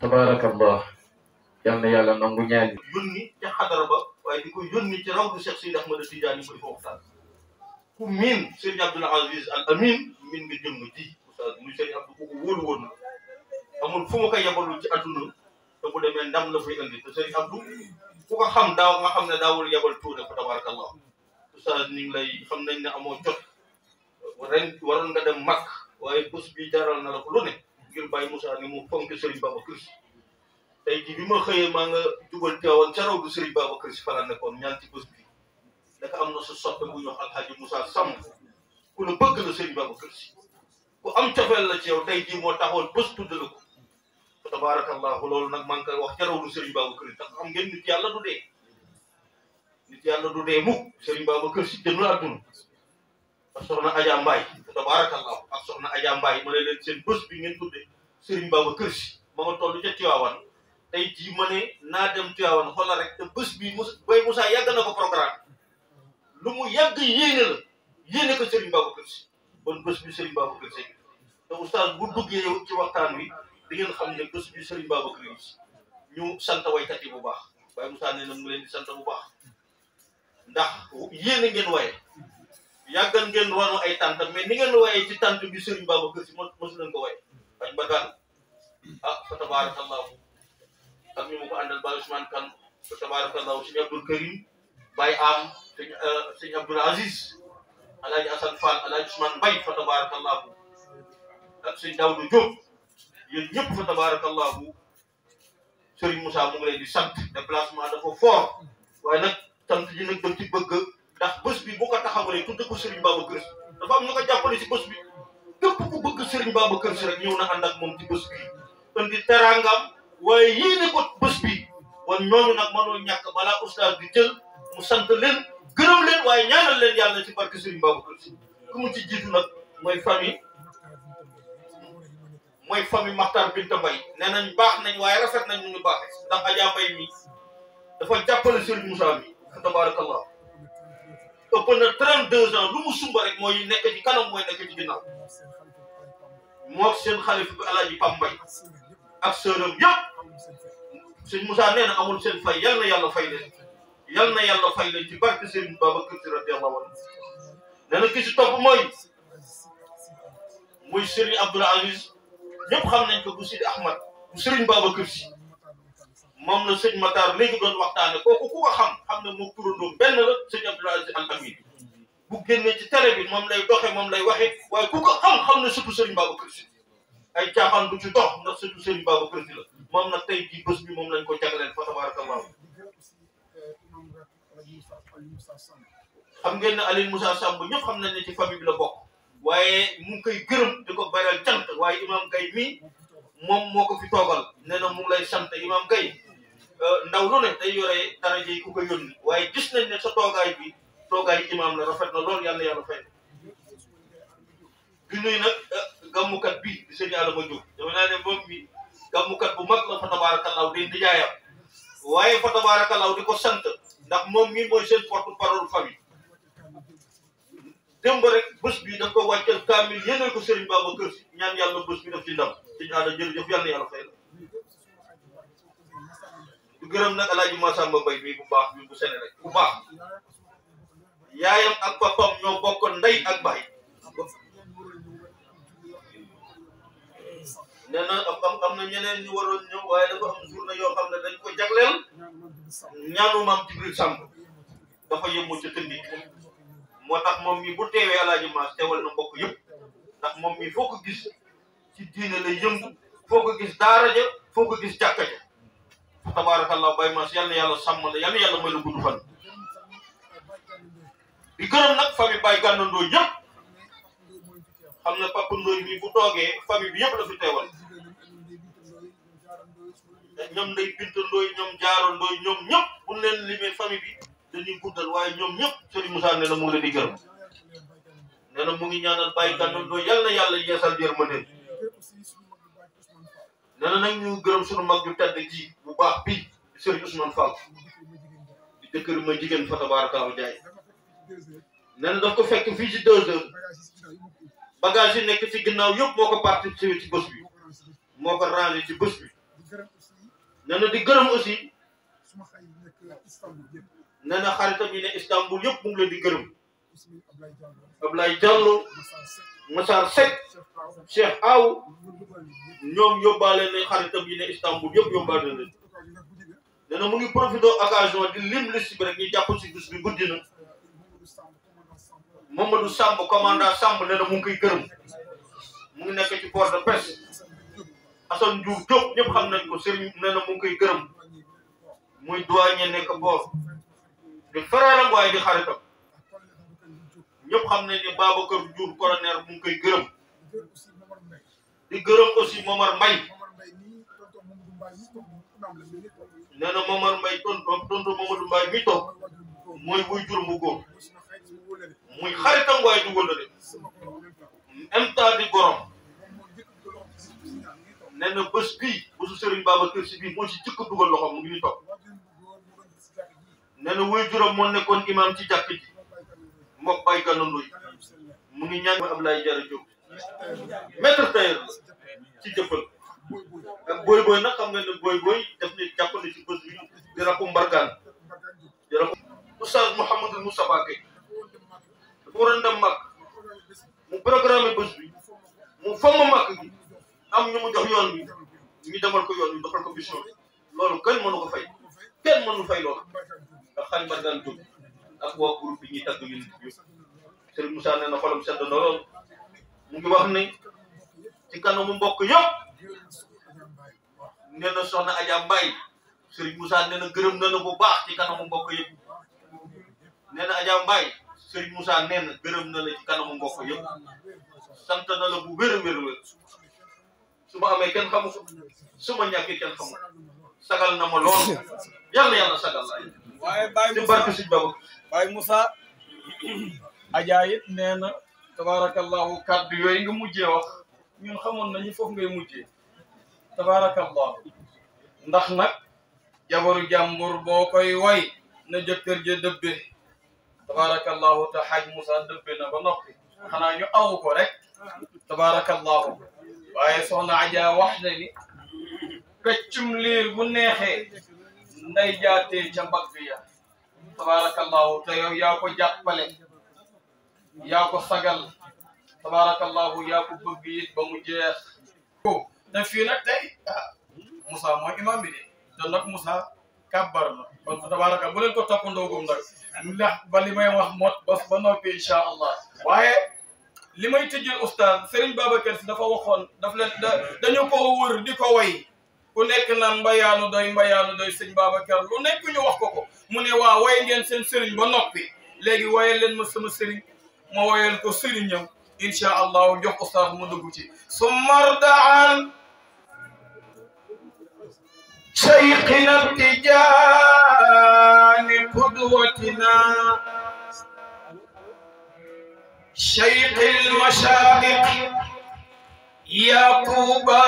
Speaker 6: tabaarakallah yal na yàlla nangu ñaan yi
Speaker 5: yónni ca xadara ba waaye di ko yónni ci rawdu Cheikh Sidi Ahmad Tidiane koy foofu tan ku miin Serigne Abdoul Aziz Al Amin miin nga jëmm ji oustaz muy Serigne Abdou ku wóolu woon amul fu mu ko yebalul ci adduna te bu demee ndam la fay indi te Serigne Abdou ku ko xam daaw nga xam ne daawul yebal tuuti ko tabaarakallah oustaz lay xam nañ ne amoo jot ren waroon nga dem Makka waaye pus bi jaral na la ko lu ne ngir bàyyi Moussa ni mu fonk Serigne Babacar Sy tey jii bi ma xëyee maa nga jubal teewoon ca rawdu Serigne Baba Sy fa la nekkoon ñaan ci bés bi dafa am na sa soppe bu ñu xal Alhaji Moussa Sam ku la bëgg na Serigne Baba Sy ku am cofeel la ci yow tey jii moo taxoon tudd ko tabarakallah loolu nag maa ngi wax ca rawdu Serigne Babacar tax xam ngeen nit yàlla du dee nit yàlla du dee Serigne ak soxna Adja Mbaye tabarakallahu ak soxna Adja Mbaye ma ne leen seen bés bi ngeen tudde Serigne Babacar Sy ma nga toll ca Tiwaawan tey jii ma ne naa dem Tiwaawan xoolal rek te bés bi Moussa Boy Moussa yàgg na ko programme lu mu yàgg yéene la yéene ko Serigne Babacar Sy kon bés bi Serigne Babacar Sy te oustaz bu duggee yow ci waxtaan wi di ngeen xam ne bës bi Serigne ba Sy ñu sant waykat yi bu baax waaye Moussa nee na mu leen di bu baax ndax yéene ngeen waaye yàggal ngeen wanu ay tànt mais ni ngeen wooyee ci tànt bi Sëriñ Babacar Sy mosu leen ko way bañ ba ah fa tabarakallahu ak ñu ma ko àndal ba Ousmane Kan fa tabarakallahu sëñ Abdoul Karim Baye Am sëñ euh, sëñ Aziz alaaji Assane Fall alaaji Ousmane Mbaye fa tabarakallahu ak ah, sëñ Daouda Diop yéen fa tabarakallahu Sëriñ Moussa mu ngi leen di sant dafa fort waaye nag ji nag dam ci bëgg ndax bés bi boo ko taxawalee tudde ko Serigne Babacar Sy dafa am ñu ko jàppale si bés bi képp ku bëgg Serigne Babacar Sy rek ñëw na ànd ak moom ci bés bi indi teraangam waaye yéene ko bés bi wan ñooñu nag mënoo ñàkk balaa oustaz di jël mu sant leen gërëm leen waaye ñaanal leen yàlla ci barke Serigne Babacar Sy ku mu ci jiitu nag mooy famille mooy famille Makhtar Binta Mbaye nee nañ nañ waaye rafet nañ ñu ñu ndax Adja Mbaye mi dafa jàppale Serigne Moussa mi tabarakallah ëpp na 32 ans lu mu sumba rek mooy nekk ci kanam mooy nekk ci ginnaaw moo seen xalifa bi alaaji Pam Mbay ak sëram yëpp sëñ Moussa nee na amul seen fay yal na yàlla fay leen yal na yàlla fay leen ci barke sëñ Babacar Si radiyallahu anhu nee si topp mooy muy Serigne Abdoul Aziz ñëpp xam nañ ko bu Sidi Ahmad bu Serigne Babacar Si moom la sëñ Matar léegi doon waxtaane kooku ku ko xam xam ne moom turandoom benn la sëñ Abdoul Aziz Al Amin bu génnee ci télé bi moom lay doxe moom lay waxe waaye ku ko xam xam ne surtout sëriñ Babacar Sy ay caaxaan du ci dox ndax surtout sëriñ Babacar Sy la moom nag tey jii bés bi moom lañ ko jagleen fa tabarakallahu xam ngeen ne Aliou Moussa Samb ñëpp xam nañ ne ci famille bi la bokk waaye mu ngi koy gërëm di ko baral cant waaye imam Gaye mii moom moo ko fi toogal nee na mu ngi lay sant imam Gaye Euh, ndaw lu ne day yore daraja yi ku ko yónni waaye gis nañ ne sa toogaay bi toogaay imaam la rafet na loolu yàlla yàlla fay du nuy nag euh, gàmmukat bi di sëñ ma Diop dama naa ne moom mi gàmmukat bu mag la fa tabaarakallaaw di ndijaayam waaye fa tabaarakallaaw di ko sant ndax moom mi mooy seen porte parole famille démb rek bés bi daf ko wàccal kaamil yéene ko sëriñ Babacar Si ñaan yàlla bés bi daf ci ndam sëñ Adama yàlla yàlla fay la gërëm nag alaaji Masamba Mbay bii bu baax bi bu sene rek bu baax yaayam ak papam ñoo bokk ndey ak baay nee na am am na ñeneen ñu waroon ñëw waaye dafa am journée yoo xam ne dañ ko jagleel ñaanu maam Jibril Samb dafa yëmmoo ci tëndik moo tax moom mi bu teewee alaaji Maas teewal na mbokk yëpp ndax moom mi foo ko gis ci diine la yëngu foo ko gis daara foo ko gis jàkka tabaarakallaa bay mas yal na yàlla sàmm la yal na yàlla may la gudd fan di gërëm nag famille Baye Gana Ndoye yëpp xam ne Papa Ndoye bi bu toogee famille bi yëpp la fi teewal ñoom Ndey Binta Ndoye ñoom Jaaro Ndoye ñoom ñëpp bu leen limee famille bi dañuy guddal waaye ñoom ñëpp Serigne Moussa nee na mu ngi leen gërëm nee na mu ngi ñaanal Baye Gana Ndoye yal na yàlla yeesal yërmande nee nañ ñu gërëm sunu mag ju tedd ci bu baax bi Serigne Ousmane Fall di jëkkër ma jigéen fa tabaarkalla jaay nee na ko fekk fii ci deux heures bagage yi nekk ci ginnaaw yëpp moo ko participé ci bi moo ko rangé ci bés bi nee di gërëm aussi nee na xaritam yi ne Istanbul yëpp mu ngi leen di gërëm Ablaye Diallo Massar Seck Cheikh Aw ñoom yóbbaale ne xaritam bi ne Istanbul yëpp yóbbaale nañ dana mu ngi profité occasion di lim liste bi rek ñu jàpp si gis bi guddi na Mamadou Samb commandant Samb ne na mu ngi koy gërëm mu ngi nekk ci port de pêche Assane Diouf Diop ñëpp xam nañ ko Serigne ne na mu ngi koy gërëm muy douanier nekk boor di frère am waaye di xaritam ñëpp xam nañ ne Babacar Diouf colonel mu ngi koy gërëm di gërëm aussi Momar Mbaye nee na Momar Mbaye tonton tonton Mamadou Mbaye mi toog mooy buy jur mu góor muy xaritam waaye du wëllëre même temps di gorom nee na bés bii bésu Serigne Babacar Sy bii si jëkk dugal loxo mu ngi ñu toog nee na wuy juróom moo nekkoon imam ci jàkk ji mbokk bay ganandooy mu ngi ñaan Ablaye Jara Diop maître tailleur ci jëppal booy booy na xam nga ne booy booy def ni jàpp na ci bés bi di rakku mbargaan di rakku oustaz Mouhamadou Moustapha Gueye dafa waroon dem mag mu programme bés bi mu fomm mag gi am ñu mu jox yoon bi ñu demal ko yoon bi doxal ko mission bi loolu kenn mënu ko fay kenn mënu fay loolu ndax xañ mbargaan jóg ak waa bi ñuy tagg ñun yëpp Serigne Moussa nee na xolam sedd na lool mu ngi wax ni ci kanamu mbokk yëpp nee na soxna Adja Mbaye Serigne Moussa nee na gërëm na la bu baax ci kanamu mbokk yëpp nee na Adja Mbaye Serigne Moussa nee na gërëm na la ci kanamu mbokk yëpp sant na la bu wér a wér su ma amee kenn xamu ko su ma ñàkkee kenn xamu sagal na ma lool
Speaker 3: yàlla yàlla sagal
Speaker 6: la waaye Baye Moussa ci barke Serigne Baba Baye Moussa tabaarakallahu kàddu yooyu nga mujjee wax ñun xamoon nañu foofu ngay mujjee tabaarakallahu ndax nag jabaru jàmbur boo koy way na jëkkër ja dëbbe tabaarakallahu te xaaj Moussa dëbbe na ba noppi xanaa ñu aw ko rek tabaarakallahu waaye soxna Adja wax na ni peccum liir bu neexee nday jaatee ca mbagg ya tabaarakallahu te yow yaa ko jàppale yaa ko sagal tabaarakallahu yaa ko bëgg it ba mu jeex te tey ah Moussa mooy bi de te nag Moussa kàbbar bu leen ko toppandoogum nag ba li may wax mot bas ba noppi incha allah waaye li may tëjjel seriñ Serigne dafa waxoon daf leen da dañu ko wër di ko way ku nekk naan mbayaanu doy mbayaanu doy sëñ Babacar lu nekk ñu wax ko ko mu ne waa way ngeen seen sëriñ ba noppi léegi waye leen ma sama sëriñ ma woyal ko sëriñam incha allahu jox ustaas mu dugg ci sumarda an شيخنا التجان قدوتنا شيخ المشارق يا طوبى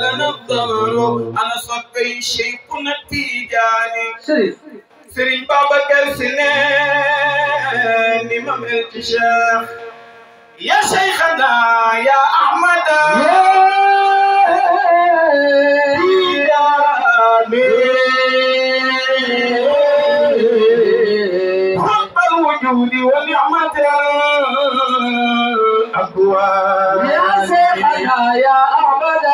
Speaker 6: لنا الضمر انا صبي شيخنا التجاني سري بابا كرسنا نمام الكشاف يا شيخنا
Speaker 1: يا أحمد يا سيدنا يا أحمد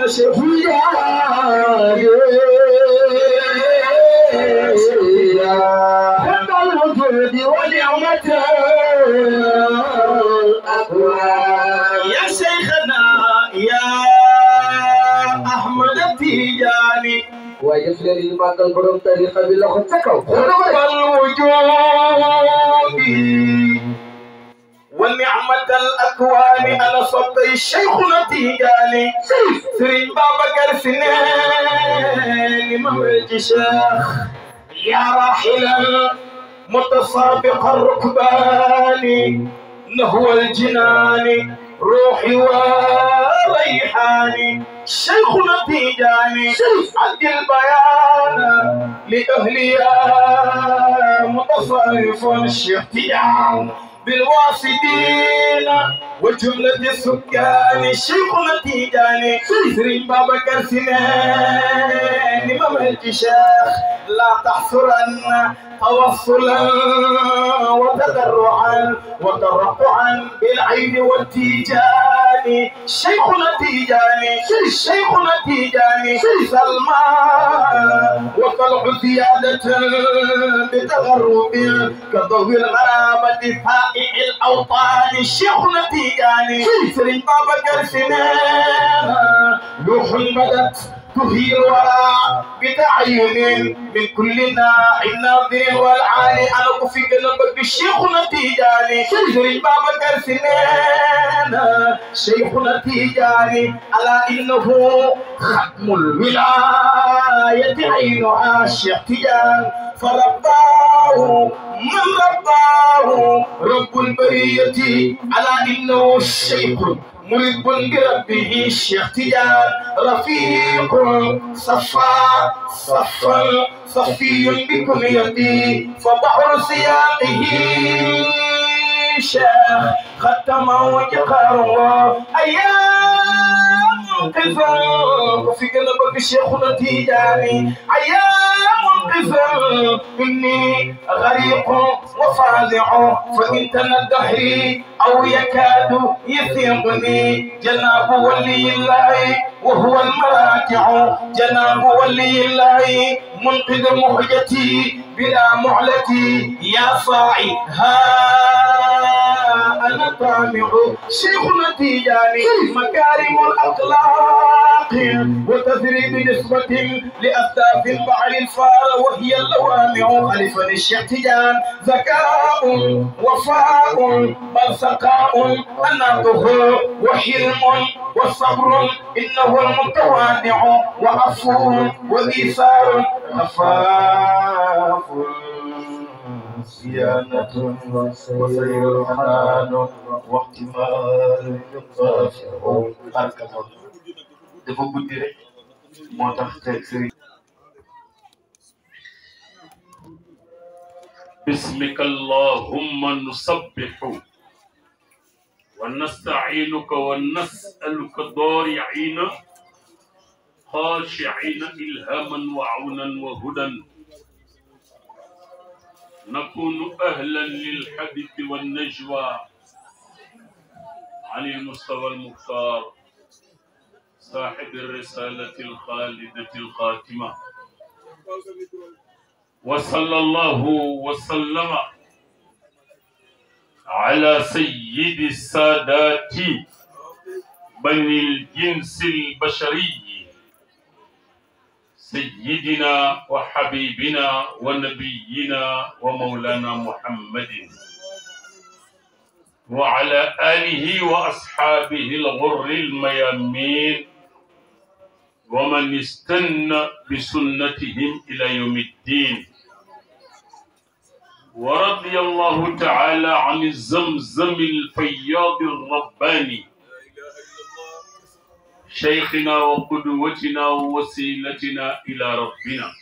Speaker 1: يا شيخ يا waaye fi leen ñu màggal borom tariqa bi loxo ca kaw. xurbal wujudi wa nicmatal akwaani ana soppay cheikhuna tijaani sëriñ Babacar si nee li ma wér ci cheikh
Speaker 6: yaa raaxilan mutasaabiqa rukbaani nahwa aljinaani روحي وريحاني
Speaker 1: شيخنا شيخ عبد البيان
Speaker 6: لأهلي يا متصرف الشيخ بالوافدين وجملة السكان الشيخ التيجاني سرين بابا كرسنان إمام الشيخ لا
Speaker 1: تحصرن توصلا وتضرعا وترفعا بالعين والتيجان شيخ التيجاني الشيخ التيجاني سلمان يقع زيادة بتغرب كضوء الغرامة فائع الأوطان الشيخ نتيجاني سري بابا قرشنا لوح بدت تهي ولا بتعيين من كل ناظر والعالي انا وفي قلبك الشيخنا تيجاني شجري بابا كرسنانا شيخنا تيجاني الا انه ختم الولايه عين عاشق تيجان فرباه من رباه رب البريه على انه الشيخ مريد بربه شيخ تجار رفيق صفا صفا صفي بكم يدي
Speaker 6: فبحر سياقه
Speaker 1: شيخ
Speaker 6: ختم وجهه ايام
Speaker 1: منقذا وفيك لبك شيخنا تيجاني عيا منقذا إني غريق وفاضع فإن تنضحي
Speaker 6: أو
Speaker 5: يكاد
Speaker 6: يثيبني جناب ولي الله وهو المراجع جناب ولي الله منقذ
Speaker 1: مهجتي بلا معلتي يا صاعي ها أنا طامع شيخنا تيجاني مكارم الأخلاق
Speaker 6: وتثريب نسبة لأفتاف البحر الفار وهي اللوامع ألف للشتجان ذكاء وفاء
Speaker 1: بل سقاء
Speaker 6: أناته وحلم
Speaker 1: وصبر إنه المتوانع وعفو وإيثار خفاف صيانة وسير الحنان
Speaker 4: واحتمال يطافع أركب
Speaker 2: dafa guddi rek moo tax teg sëriñ باسمك اللهم نسبح ونستعينك ونسألك ضارعين خاشعين إلهاما وعونا وهدى نكون أهلا للحديث والنجوى عن المستوى المختار صاحب الرسالة الخالدة القاتمة وصلى الله وسلم على سيد السادات بني الجنس البشري سيدنا وحبيبنا ونبينا ومولانا محمد وعلى آله وأصحابه الغر الميامين ومن استنى بسنتهم إلى يوم الدين ورضي الله تعالى عن الزمزم الفياض الرباني شيخنا وقدوتنا ووسيلتنا إلى ربنا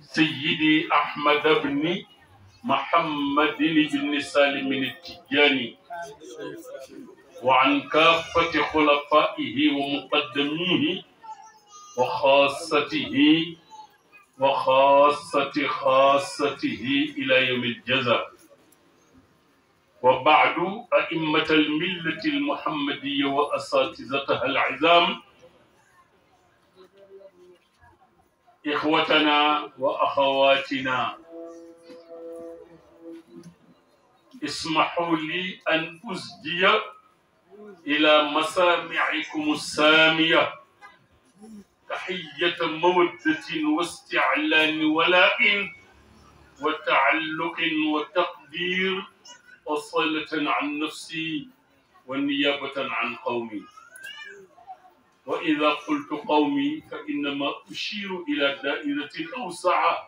Speaker 2: سيدي أحمد بن محمد بن سالم التجاني وعن كافة خلفائه ومقدميه وخاصته وخاصة خاصته إلى يوم الجزاء وبعد أئمة الملة المحمدية وأساتذتها العظام إخوتنا وأخواتنا اسمحوا لي أن أزجي إلى مسامعكم السامية تحية مودة واستعلان ولاء وتعلق وتقدير وصلة عن نفسي والنيابة عن قومي وإذا قلت قومي فإنما أشير إلى دائرة أوسع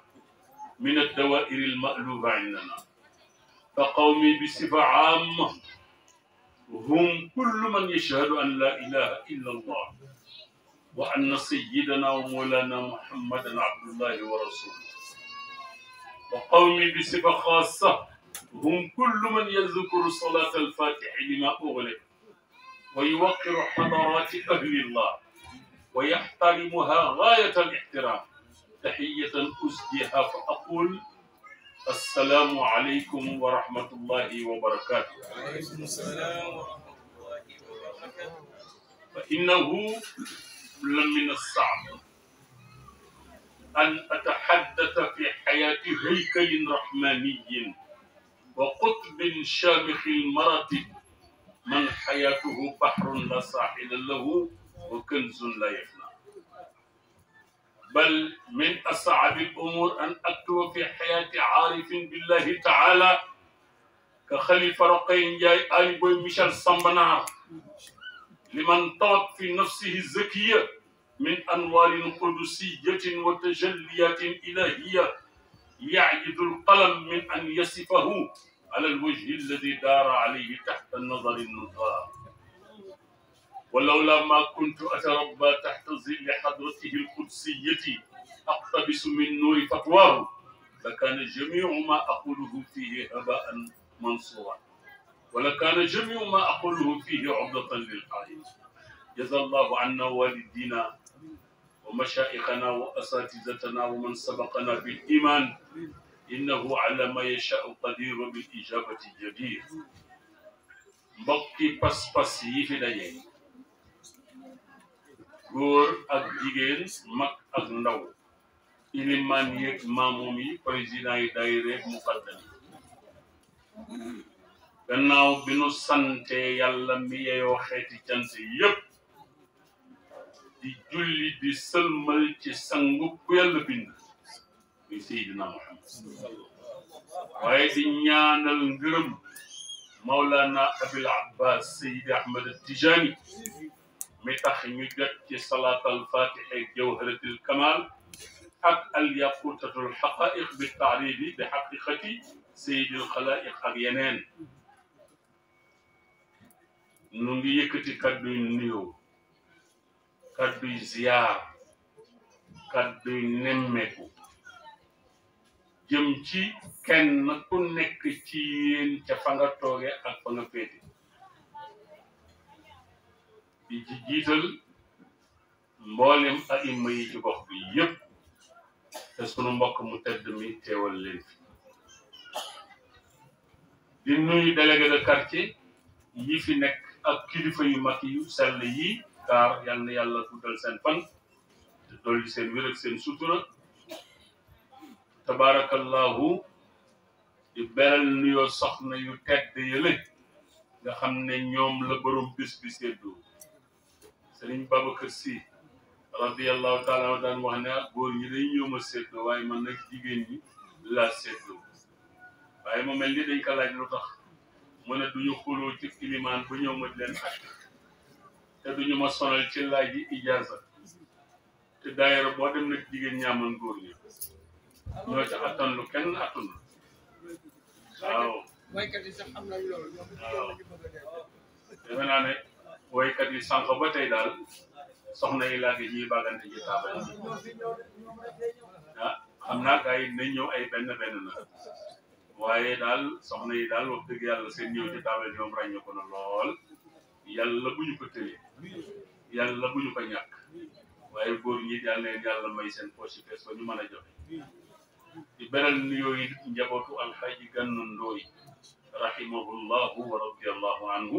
Speaker 2: من الدوائر المألوفة عندنا فقومي بصفة عامة هم كل من يشهد أن لا إله إلا الله وأن سيدنا ومولانا محمدا عبد الله ورسوله وقومي بصفة خاصة هم كل من يذكر صلاة الفاتح لما أغلق ويوقر حضارات أهل الله ويحترمها غاية الاحترام تحية أسديها فأقول السلام عليكم ورحمة الله وبركاته وعليكم السلام ورحمة الله وبركاته فإنه لمن الصعب أن أتحدث في حياة هيكل رحماني وقطب شامخ المراتب من حياته بحر لا ساحل له وكنز لا يفنى بل من أصعب الأمور أن أكتب في حياة عارف بالله تعالى كخليفة رقين جاي آي بوي ميشيل سامبنا لمن طلب في نفسه الزكية من أنوار قدسية وتجليات إلهية يعجز القلم من أن يصفه على الوجه الذي دار عليه تحت النظر النظار ولولا ما كنت أتربى تحت ظل حضرته القدسية أقتبس من نور فتواه لكان جميع ما أقوله فيه هباء منصورا ولكان جميع ما أقوله فيه عبدة للقائل جزا الله عنا والدينا ومشائخنا وأساتذتنا ومن سبقنا بالإيمان إنه على ما يشاء قدير بالإجابة جدير بقي بس بس yi góor ak jigéen mag ak ndaw ilimaan yeeg maamoom yi président yi daayira muqaddam gannaaw bi sante yàlla mi yeyoo xeeti cant yépp di julli di sëlmal ci sangu ku yàlla bind mi seydina muhammad waaye di ñaanal ngërëm maulana abil abbas seydi ahmad tijani متاخ نجد في صلاة الفاتحة جوهرة الكمال حق اليافوتة الحقائق بالتعريب بحقيقة سيد الخلائق حريانين نوندي يكتي كدو نيو كدو زيار كدو نمكو جمتي كن نكو نكتين تفانغا di ci jiital mboolem aima yi ci bi yépp te sunu mbokk mu tedd mi teewal leen fi di nuyu délégué de quartier yi fi nekk ak kilifa yu mag yu sell yi kaar yal yàlla guddal seen fan te dolli seen wér ak seen sutura tabaarakallahu di beral nuyoo soxna yu tedd yële nga xam ne ñoom la borom bis bi seddoo sëriñ Babacar Sy radiyallahu taala daan wax ne góor ñi dañ ñoom a seetloo waaye man nag jigéen ñi laa seetloo waaye mu mel ni dañ ko laaj lu tax mu ne duñu xuloo ci ilimaan bu ñëw ma leen àtt te duñu ma sonal ci laaj yi ijaaza te daayira boo dem nag jigéen ñaaman góor ñi ñoo ci attan lu kenn attun waaw
Speaker 3: waaw
Speaker 2: defe naa ne woykat yi sànq ba tey daal soxna yi laa ngi ñuy bàggante ji taabal yi ah xam naa gars yi ñëw ay benn benn na waaye daal soxna yi daal wax yàlla seen ñëw ci taabal yi moom ko na lool yàlla bu ñu ko tëlee yàlla bu ñu ko ñàkk waaye góor ñi daal leen yàlla may seen poche fees ba ñu mën a joxe di beral nuyoo yi njabootu alxaaji Gana Ndoye rahimahullahu wa radiyallahu anhu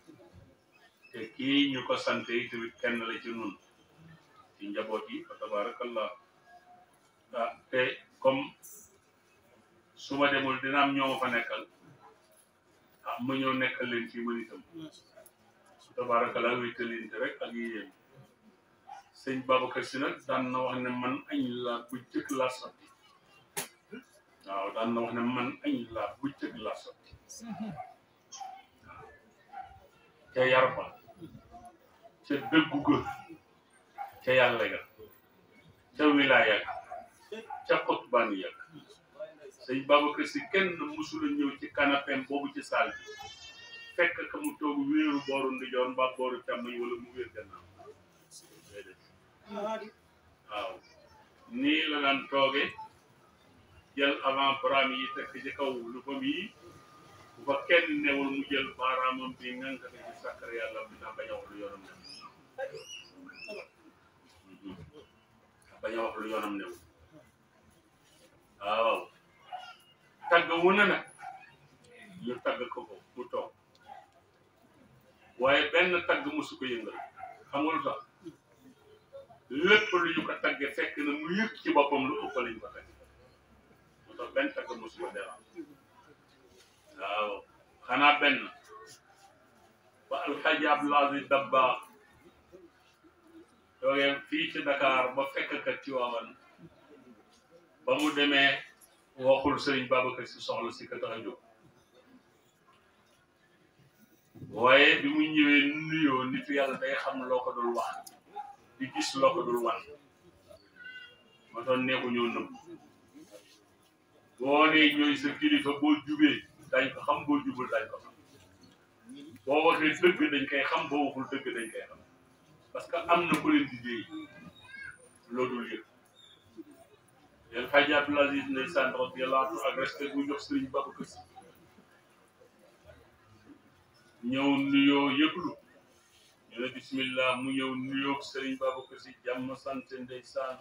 Speaker 2: te kii ñu ko sante yi kenn la ci nun ci njaboot yi fa tabarakallah ah te comme su ma demul dina am ñoo ma fa nekkal ah ma ñëw nekkal leen ci man itam tabarakallah wéttalinte rek ak yéen sëñ Babacar si nag daan na wax ne man añ laa bu jëkk laa sotti daan na wax ne man añ laa bu jëkk laa te yar ca dëggu ga ca yàlla ya ca wilaaya ca xutbaan ya sëñ Babacar si kenn musula ñëw ci canapem boobu ci saal bi fekk ka mu toog wéeru booru ndijoor mbaa booru càmmoñ wala mu wéer gannaaw waaw nii la daan tooge jël avant bras yi tekk ci kaw lu fam yi bu fa kenn newul mu jël baaraamam bi nga nga di sàkkar yàlla bi ndax yoonam newul bañ tagg wu na nag ñu tagg ko ko toog waaye benn tagg mosu ko yëngal xam lépp lu ñu ko tagge fekk na mu yëg ci boppam lu ëpp lañ ko tagge mu tax benn tagg mosu ko waaw xanaa benn ba alxaji Abdul Aziz Dabbaax toogee fii ci Dakar ba fekk kat ci waawan ba mu demee waxul sëriñ Babacar si soxla si ka tax jóg waaye bi mu ñëwee nuyoo nit yàlla day xam loo ko dul wax di gis loo ko dul wan ma doon nekku ñoo nëbb boo nee ñooy sa kilifa boo jubee dañ ko xam boo jubul dañ ko xam boo waxee dëgg dañ koy xam boo waxul dëgg dañ koy xam parce que am na ku leen di dee loolu yëpp yéen xaaj Abdul Aziz ndeysaan radiyallahu anhu ak respect bu jox Sëriñ Babacar Si ñëw nuyoo yëglu ñu ne bismillah mu ñëw nuyoo Sëriñ Babacar Si jàmm sant ndeysaan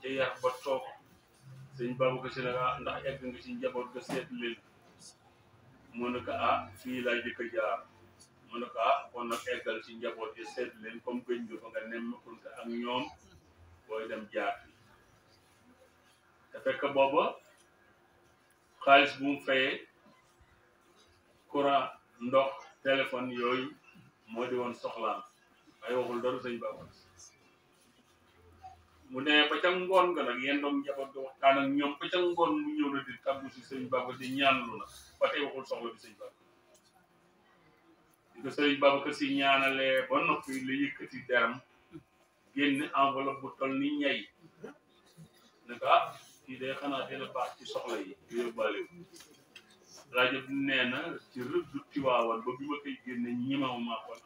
Speaker 2: ca yar ba toog Sëriñ Babacar Si nag ndax egg nga si njaboot ga seet leen moo ne ko ah fii laa jëkk a jaar mu ne ko ah kon nag eggal ci njaboot yi seet leen comme gëñ nga fa nga nemmeekul ko ak ñoom booy dem jaar te fekk booba xaalis bu mu fayee courant ndox téléphone yooyu moo di woon soxlaan ay waxul dara sëñ Ba mu ne ba ca ngoon nga nag yéen doom njaboot di waxtaan ak ñoom ba ca ngoon mu ñëw na di tàggu si sëñ Babacar di ñaanlu la ba tey waxul soxla bi sëñ Babacar ko si ñaanalee ba noppi la yëkkati deram génn enveloppe bu toll ni ñay ne ko ah kii day xanaa dina baax ci soxla yi yu yóbbaale rajo bi nee na ci rëddu Tiwaawan ba bi ma koy génne ñi ma ma koon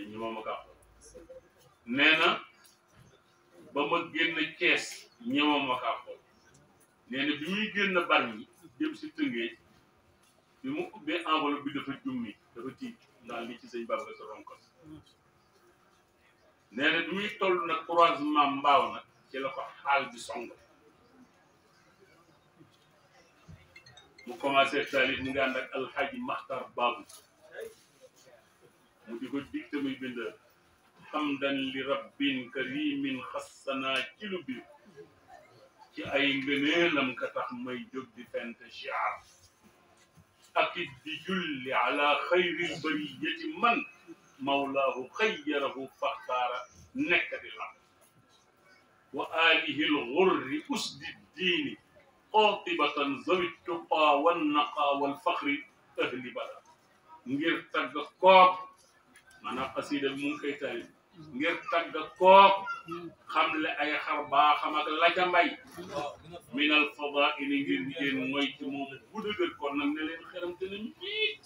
Speaker 2: enveloppe nee na ba ma génn kees ñëwam ma kaa xool nee na bi muy génn bar yi jëm si tëngee bi mu ubbee enveloppe bi dafa jummi dafa tiit ndax li ci sëñ Babacar sa ronkos nee na bi muy toll nag croisement mbaaw na ci la ko xaal bi song mu commencé taalif mu ngi ànd ak alxaaji maxtar baabu mu di ko dig te muy bind حمدا لرب كريم خصنا كلبي كي اي بنيلم كتح ما يجب دي فانت شعر اكد بجل على خير البرية من مولاه خيره فاختار نكر الله وآله الغر أسد الدين قاطبة زوي التقى والنقى والفخر أهل بلد غير تقى قاب أنا قصيدة ممكن تعلم ngir tagg kook xamle ay xar baaxam ak la ca mbay minal fadaili ngir ngeen mooy ci moom bu dëgër kon nag ne leen xeramte nañu tiit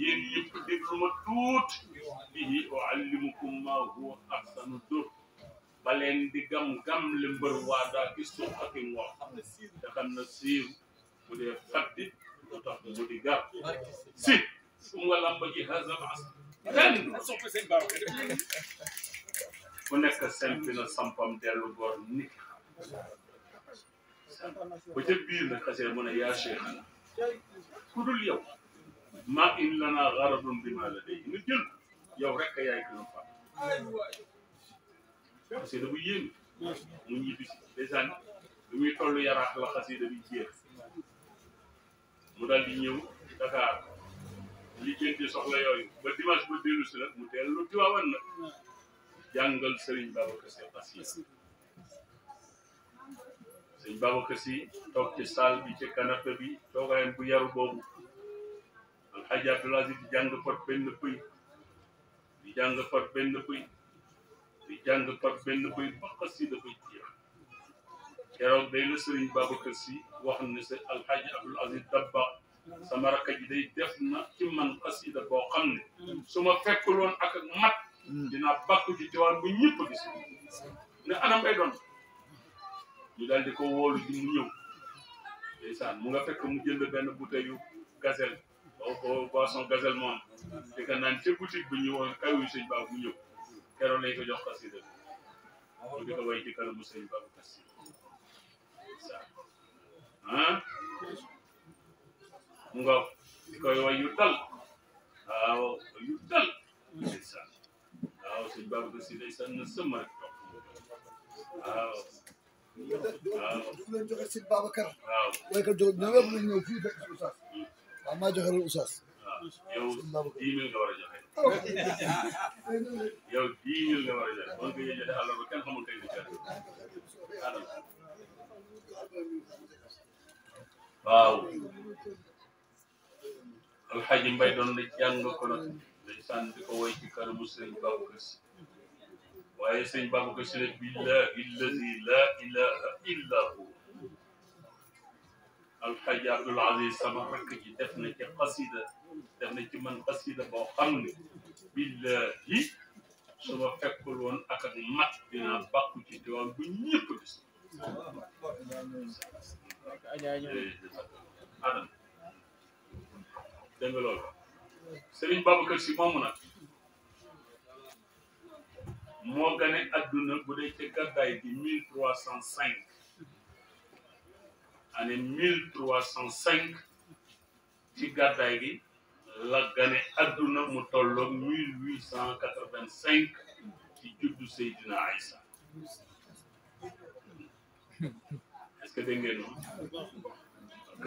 Speaker 2: yéen ñëpp déglu ma tuut bihi uallimukum ma huwa ahsanu dur ba leen di gam-gam le mbër waa daa suux ak i ngox te xam na siiw bu dee fatti lu di gar si um nga lamba ji hazam ku nekk sempi na sampam dellu góor nit ba ca biir nag xasee mu ne yaa cheikhana ku dul yow maa in lanaa garadun bi maa la day nga jël yow rek a yaay gën a fa xasee da bu yéen mu ñibbi si dèjà lu muy toll yaraax la xasee da jeex mu daal di ñëw Dakar lijjanti soxla yooyu ba dimanche ba dellu si nag mu teel lu tiwaawan nag jàngal Serigne Babacar Sy xasida Serigne Babacar Sy toog ci salle bi ci canapé bi toogaayam bu yaru boobu Alxaaji Abdul Aziz di jàng pot benn pëy di jàng pot benn pëy di jàng pot benn pëy ba xasida koy jeex keroog day la Serigne Babacar Sy wax ne Alxaaji Abdul Aziz Dabba sama rakk ji day def na ci man xasida boo xam ne su ma fekkul woon ak ak mat dinaa bàkku ci diwaan bu ñëpp gis ne anam bay ñu daal di ko wóolu di mu ñëw ndeysaan mu nga fekk mu jënd benn bouteille yu gazelle boo ko boisson gazelle moom di naan ca boutique bi ñu woon kayu baa bu ñëw keroon lañ ko jox xasida mu di ko way ci kanamu sëñ baa bu xasida ah mu nga di koy way yu dal waaw yu dal ko si ndeysaan na sëmma rek topp waaw
Speaker 1: waaw du leen joxe si Babacar waaw way ko jox ñëw bu ñëw fii fekk Oustaz waaw maa joxe loolu Oustaz
Speaker 2: yow dix mille nga war a joxe yow dix mille nga war a joxe bon ko alhaji mbay doon na jàng kono ndeysaan di ko woy ci kanamu sëriñ Babacar Si waaye sëriñ Babacar Si ne billahi alladi la ilaha illa hu alhaji abdul aziz sama rakk ji def na ci xasida def na ci man ne billahi su ma fekkul woon ak ak mat dinaa bàkku ci diwaan bu ñëpp gis adam C'est une sëriñ babacar si moomu Mon moo gane adduna pour les ca gàddaay 1305 En 1305 ci gàddaay la gane adduna mu tolloog 1885 ci juddu Seydina Aïssa. est ce que dégg ngeen ok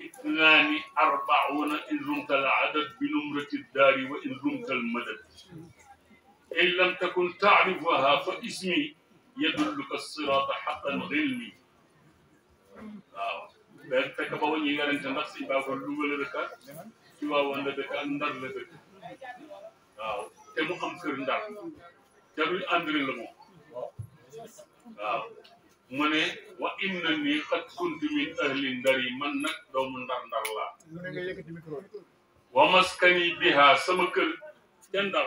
Speaker 2: اثنان أربعون إن رمت العدد بنمرة الدار وإن رمت المدد إن لم تكن تعرفها فاسمي يدلك الصراط حقا غلمي آه، بأنك كبوني يغير أنت نفسي باب اللوبة لدك كيوا وانا دك أندر لدك آه، تمو أمكر ندار تبري أندر لمو آه. mané wa innani ni qad kuntu min ahli ndari man nak do mu ndar ndar la wa maskani biha sama keur ca ndar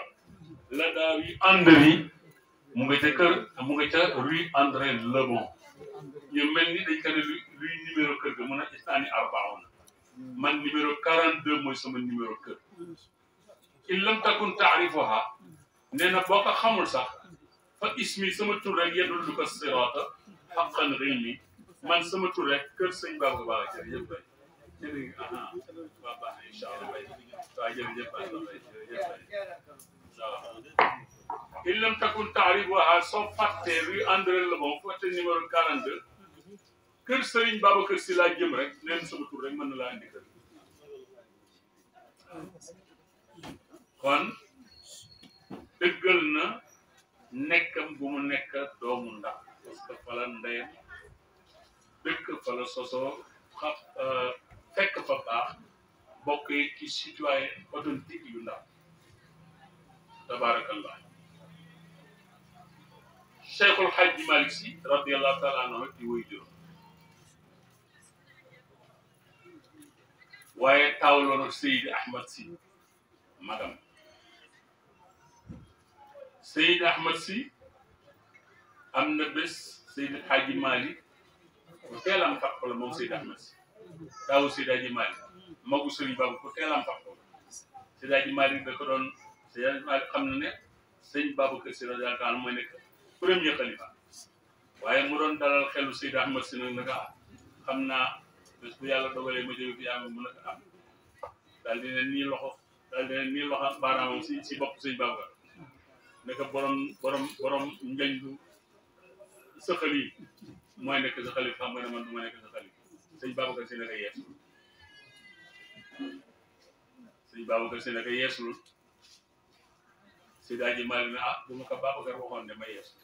Speaker 2: la daa rue Andri mu ngi ca keur mu ngi ca rue André Lebon ñu melni dañ ko ne rue numéro keur ga mu na istani arbaona man numéro 42 moy sama numéro keur il lam takun ta'rifuha nee boko xamul sax fa ismi sama tour rek yedul lu ko sirata xaqan réew mi man sama tur rek kër sëñ Babou Baraka yëpp bay jërëjëf ah waaw baax na incha allah bay waaw jërëjëf baax na bay jërëjëf
Speaker 3: bay incha allah.
Speaker 2: il lam kër Si laa jëm rek neen sama rek mën na laa indi kon dëggal na nekkam bu mu nekk doomu parce que fala ndeyam dëkk fala sosoo xa euh, fekk fa baax bokk ci citoyen authentique yu ndaw tabaarakallah cheikhul xajji malik si radiallahu taala anhu di woy juróom waaye taawloon ak seydi ahmad si magam seydi ahmad si am na bés Seydi Hadji Malick ku teel am fàq la moom Seydi Ahmed Si daawu Seydi Hadji Malick magu Sëriñ Baabu ku teel am la Seydi Hadji Malick da ko doon Seydi Hadji Malick xam na Si radiyallaahu taala mooy nekk premier xalifa waaye mu doon dalal xelu Seydi Ahmed Si nag naka ah, xam naa bés bu yàlla dogalee ma jóge fi yàlla mu naka am daal di ne nii loxo daal di ne nii loxo baaraamam si si bopp sëñ Babacar naka borom borom borom njëñ sa xalifa mooy nekk sa xalifa xam nga ne man du ma nekk sa xalifa sëñ Babacar Si naka yeesul sëñ Babacar Si naka yeesul Seydi Aji Maalik ne ah bu ma ko Babacar waxoon ne ma yeesul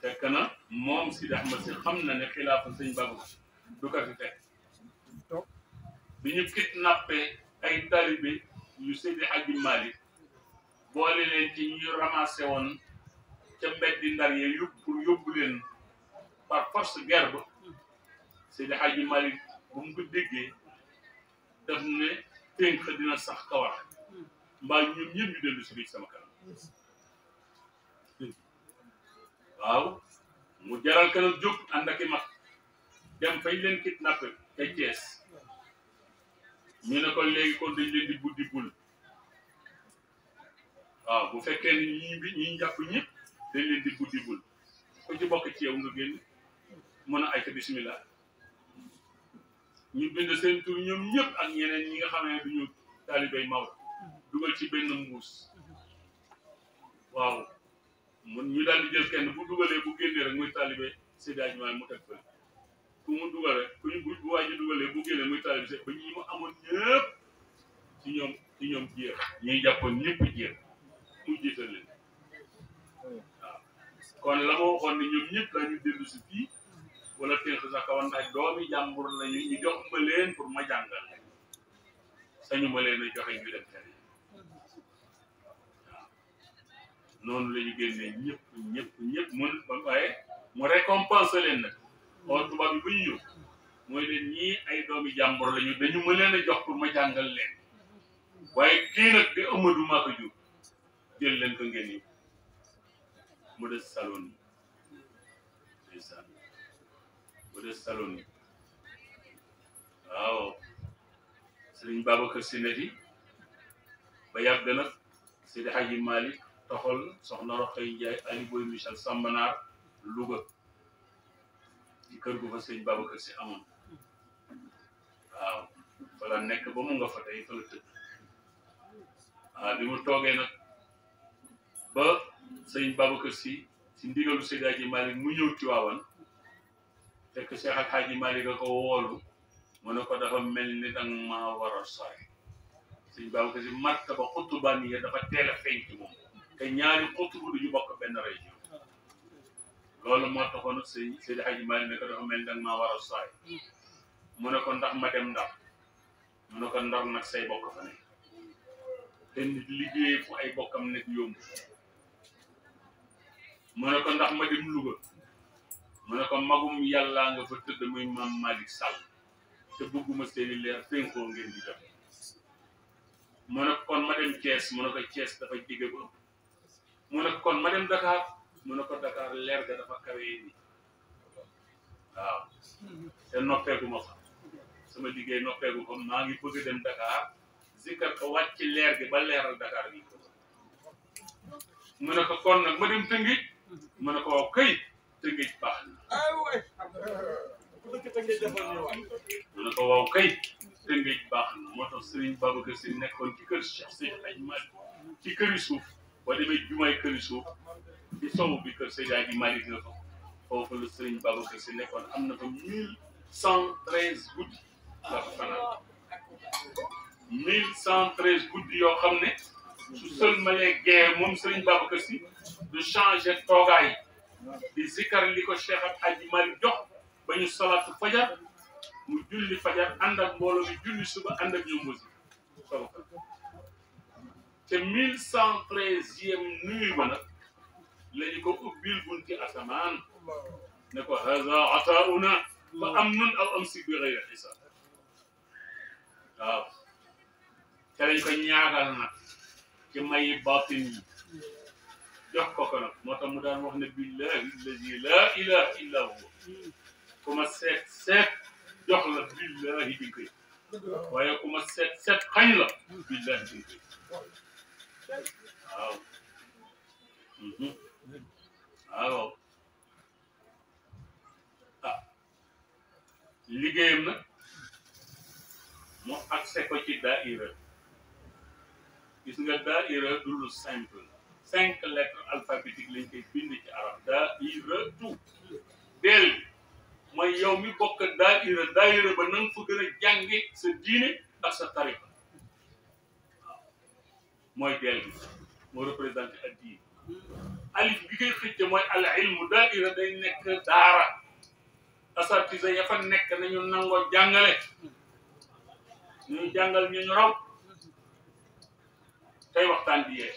Speaker 2: fekk na moom Sidi Ahmad Si xam na ne xilaafa sëñ Babacar du ko fi teg bi ñu kidnappé ay talibe yu Seydi Aji Maalik boole leen ci ñu ramassé woon ca mbedd ndar yee yób pour yóbbu leen par force guerre ba Seydi Hadji Malick bu mu déggee daf ne tënk dina sax kawar mbaa ñun ñëpp ñu dellu si biir sama kanam
Speaker 3: waaw mu jaral kanam jóg ànd ak i mag
Speaker 2: dem fay leen kidnappé ay Thiès ñu ne ko léegi kon dañ leen di buddi bul waaw bu fekkee ni ñi ñi jàpp ñëpp dañ leen di buddi bul ku ci bokk ci yow nga génn mën a ay ka bismillah ñu bind seen tur ñoom ñëpp ak ñeneen ñi nga xam ne duñu taalibay Maodo dugal ci benn mbuus waaw mun ñu daal di jël kenn bu dugalee bu génnee rek muy taalibe Seydi Hadji mu teg fële ku mu dugal ku ñu waaj a dugalee bu génnee muy taalibe ba ñi mu amoon ñëpp ci ñoom ci ñoom jéer ñuy jàppoon ñëpp jéer mu jiital kon la ma waxoon ne ñoom ñëpp dañu dellu si fii wala téex saka wan doomi jàmbur lañu ñu jox ma leen pour ma jàngal sañu ma leen a ay doomi jàmbur lañu dañu ma leen a jox pour ma jàngal leen waaye kii nag di Amadou maa ko jur jël leen ko ngeen yi Modeste Saloni ndeysaan Modeste Saloni waaw Sëriñ Babacar Si ne ba yàgg na Seydi Hadji Malick toxol soxna Roxay Njaay Ali Boy Michel Sambanaar Louga kër gu fa Sëriñ Babacar Si amoon waaw fala nekk ba mu nga fa tey fa tëdd waaw bi mu toogee nag ba sëriñ Babacar Sy si ndigalu Seydi Hadji Malick mu ñëw Tiwaawan fekk Cheikh ak Hadji Malick a ko woolu mu ne ko dafa mel ni dang maa war a sore sëriñ Babacar Sy a moo taxoon sëriñ Seydi ko dafa mel ni dang maa war a sore mu ne ko ndax ma dem ndax mu ne ko ndar nag say bokk fa ne te liggéey fu ay bokkam nekk yomb mu ne ko ndax ma dem ko magum yàlla nga fa tëdd muy maam Malick Sall te bëgguma seeni leer fénkoo ngeen di def mu ne kon ma dem Thiès mu ko Thiès dafa jige ba mu kon ma dem Dakar mu ko Dakar leer ga dafa kawee ni waaw te noppeeguma fa sama liggéey noppeegu fa ngi bëgg dem Dakar zikkar ko wàcc leer gi ba leeral Dakar bi mu ko kon ma dem je ne ko waaw kay tëngéej baax na.
Speaker 6: Ah ma ne
Speaker 2: ko waaw kay tëngéej baax na tax Serigne Babacar Sy nekkoon ci kër Cheikh Seydou Hadj que ci këri suuf boo jumaay këri que ci bi kër Seydou Hadj foofu la Serigne du changé toogaay di zikkar li ko Cheikh ak hadji Mari jox bañu salat fajar mu julli fajar ànd ak mbolo mi julli suba ànd ak ñoom aussi te 1113e nuit nuyu ba nag la ñu ko ubbil bunti asamaan ne ko haza ataauna fa amnun aw am bi xëyri hisab waaw te lañ ko ñaagal nag ci may baatin yi jox ko ko nag moo tax mu daan wax ne billahi laa ilaha illa huwa ku ma seet seet jox la billahi di waaye ku ma seet seet xañ la billahi di mhm. waaw ah liggéeyam nag mu accès ko ci daaira gis nga daaira du lu simple cinq lettres alphabétiques lañ koy bind ci arab daayiratu deel mooy yow mi bokk daayira daayira ba na nga gën a jànge sa diine ak sa tariqa mooy deel bi moo représenté ak diine alif bi ngay mooy al ilmu daayira day nekk daara asatisa ya fa nekk nañu nangoo jàngale ñu jàngal ñu ñu raw tey waxtaan bi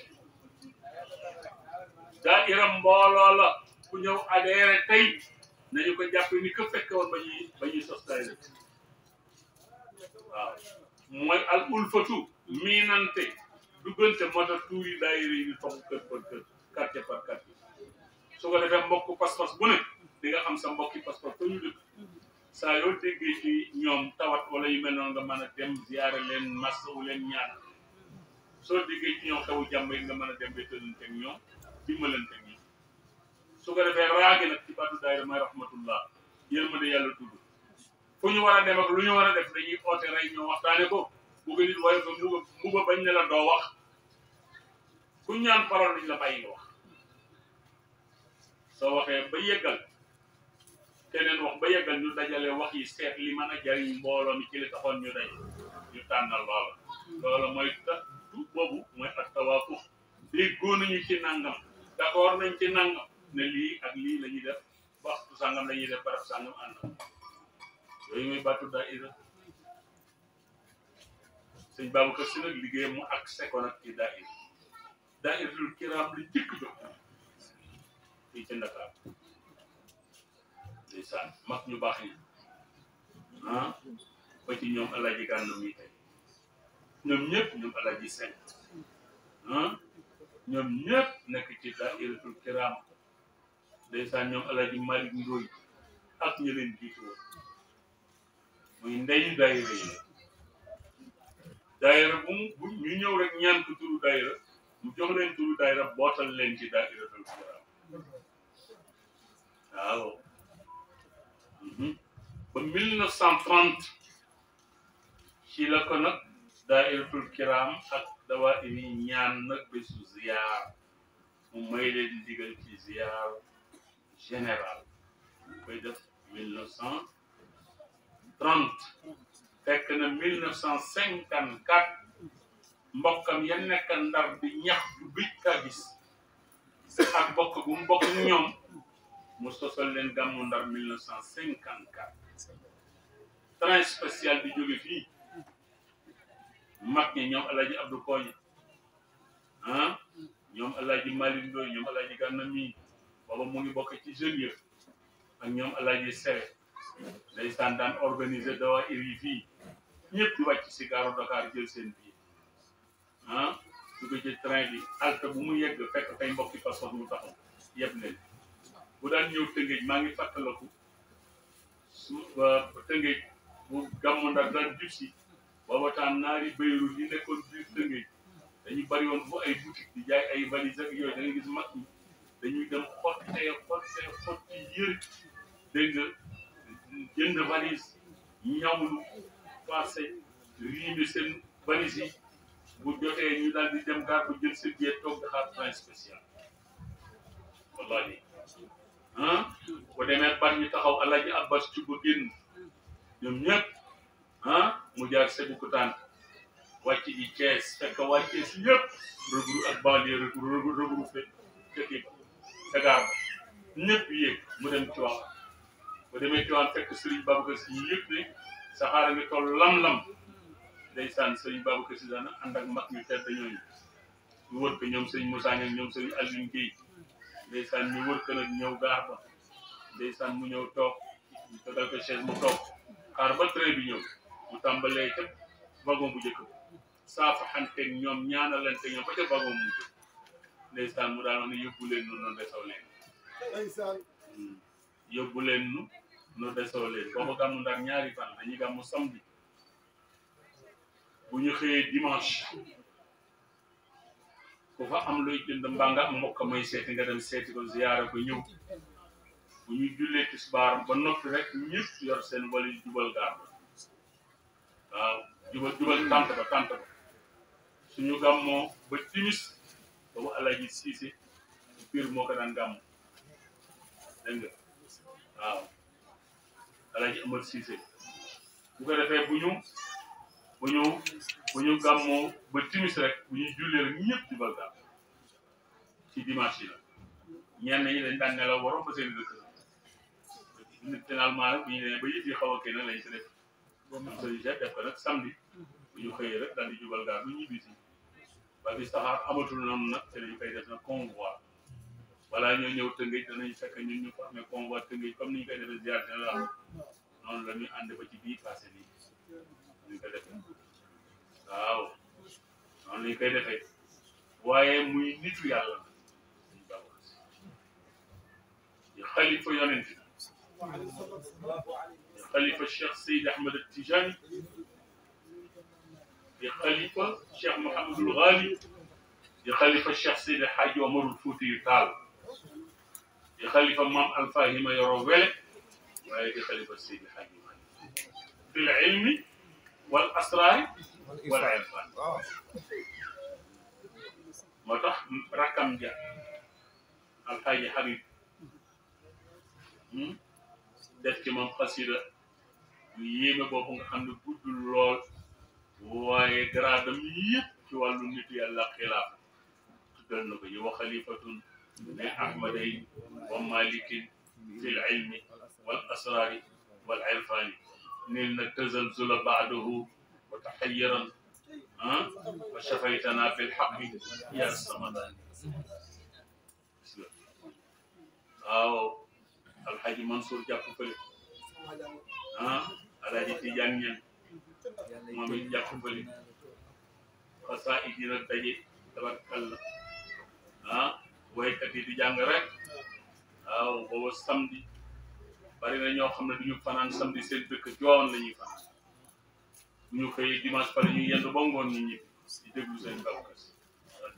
Speaker 2: daaira mbolo la ku ñew adéré tay nañu ko japp ni ko fekk won ba ñuy sostay la ah, moy al ulfatu minante duggante moo touri tuuri daaira yi ñu toog par kër quartier par quartier su ko defé mbokk pas-pas bu ne di nga xam sa mbokk pas-pas fa ñu dëkk sa yo déggee ci ñom tawat wala yu mel non nga mëna a dem ziyaare leen masawu len ñaan so déggee ci ñom tawu jàmb nga mëna dem ba tënanteeg ñom dimbalante nii su ko defee raage nag ci baatu daayira may rahmatullah yërmande yàlla tudd fu ñu war a dem ak lu ñu war a def dañuy oote rey ñoo waxtaane ko bu ko nit waaye ba bañ ne la doo wax ku ñaan parole luñ la bàyyi wax soo waxee ba yeggal keneen wax ba yeggal ñu dajale wax yi seet li mën a jariñ mbooloo mi ci li taxoon ñu day ñu tànnal loola loola mooy tax boobu mooy ak tawaafux déggoo nañu ci nangam d'accord nañ ci nangam ne lii ak lii la ñuy def waxtu sangam la ñuy def barab sangam ànd yooyu mooy bàttu daayira sëñ Babacar si nag liggéeyam mu ak sekkoon ak ci daayira daayiratul kiraam li jëkk jóg fii ci ñu ah ba ci ñoom alaaji gànn mi tey ñoom ah ñoom ñëpp nekk ci dairatul kiram ndeysaan ñoom Alaaji Malick Ndoy ak ñu leen jiitu woon muy ndeyu daayira yi daayira bu ñu ñëw rek ñaan ko turu daayira mu jox leen turu daayira bootal leen ci dairatul kiram waaw mhm. ba 1930 ci la ko nag dairatul kiram ak dawa ini nyam nak besu ziar umayle digal ki ziar general pe def 1930 fek na 1954 mbokam yen nek ndar bi ñax bu bit ka gis ak bokk bu mbokk ñom mustafa len gamu ndar 1954 train spécial bi jogi fi mag ñi ñoom alaaji abdu kooñi ah ñoom alaaji malik ndooy ñoom alaaji gànna mii booba mu ngi bokk ci jeunes ak ñoom alaaji sere ndeysaan daan organiser dawa iri fii ñëpp di wàcc si gaaru Dakar jël seen biir ah dugg ci train bi halte bu mu yegg fekk tey mbokki passeport mu taxaw yëpp leen bu daan ñëw tëngéej maa ngi fàttaliku su tëngéej bu gàmmu ndax daan jub si booba temps naari bayru yi nekkoon biir Tëngéej dañu bari woon fu ay boutique di jaay ay valise yooyu da gis mag ñi dañuy dem xottee xottee xotti yër dégg nga jënd valise ñawlu passé riime seen valise yi bu jotee ñu daal di dem gaar bu jël seen toog di xaar train spécial wallahi ah bu demee bar ñu taxaw alaji abbas ci ba génn ñoom ah mu jaar Sébikotane wàcc ji Thiès fekk wàcce si yëpp regrou ak banlieue regrou regroupé dëkk yi Dakar ñëpp yéeg mu dem Tiwaawan ba demee Tiwaawan fekk Serigne Babacar Sy yëpp ne saxaara ngi toll lam-lam ndeysaan Serigne Babacar Sy daan ànd ak mag ñu tedd ñooñu wër ko ñoom Serigne Moussa Niang ñoom Serigne Alioune Guèye ñëw gaar ba ndeysaan mu ñëw toog ñu tegal ko chaise mu toog xaar ba train bi ñëw mu tàmbalee ca wagon bu njëkk saafaxante ñoom ñaanalante ñoom ba ca wagon bu njëkk ndeysaan mu daan wax ne yóbbu leen nu nu desoo leen hmm. yóbbu leen nu nu ñaari fan dañuy gàmmu samedi bu ñu xëyee dimanche ku fa am looy jënd mbaa nga am mbokk may seeti nga dem seeti ko ziyaara ko ñëw bu ñu jullee tisbaar ba noppi rek ñëpp yor seen wali jubal gaar waaw jubal jubal tànt ba suñu gàmmoo ba timis boobu Alaaji Siise piir moo ko daan gàmm waaw Alaaji Amar Siise bu ko defee bu ñu bu ñu ba timis rek bu ñu jullee rek ñëpp ci dimanche yi la ñenn ñi dañ daan nelaw ba seen dëkk la finalement bu ñu demee ba yëf yi xaw a kenn si def ko nag samedi mhm. bu ñu xëyee rek daal di jubal noonu nag ñoo ñëw tëngëj danañ fekk ñun la ñuy ànd ba ci bii passé nii ñu ko defee waaw noonu lañu koy defee waaye muy nitu yàlla suñu baba di xalifa yonent خليفة الشيخ سيد أحمد التجاني يا خليفة الشيخ محمد الغالي يا خليفة الشيخ سيد الحاج عمر الفوتي تعال يا خليفة مام الفاهمة يا روبيلك ويا خليفة السيد الحاج في العلم والأسرار والعرفان مطح رقم جاء الحاج حبيب دفت def قصيده bu yéeme boobu nga xam ne guddul lool waaye garaadam yëpp ci wàllu nit yàlla xilaaf tuddal na ko yow xalifatun ne ahmaday wa malikin fi l ilmi wal asraari wal irfaani nil na tazalzula baadahu wa taxayiran ah wa shafaytana fi lxaqi ya samadan waaw alxaji mansour jàpp fële ah alaaji Tijaan ñan moom it jàpp mbali xasaa i dina daje tabarkalla ah waykat yi di jàng rek waaw booba samedi bari na ñoo xam ne du ñu fanaan samedi seen dëkk joowoon la ñuy ñu xëyee dimanche pare ñu yendu ba ngoon nit ñi di déglu seen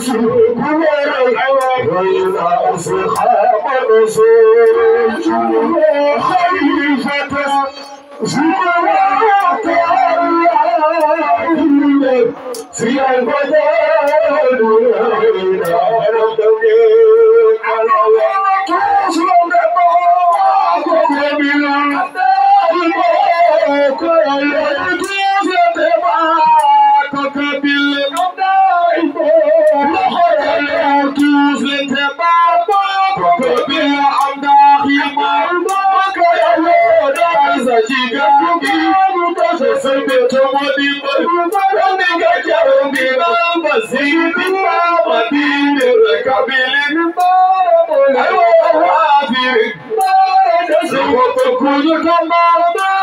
Speaker 1: شروق والعين غير زخام الرسول خليفة زمرات العالم في البدن غير الدنيا Eu kodugbara mega jarum bi ba basi bi ba wadi bi kabili bi ba mo na wa bi ba da so ko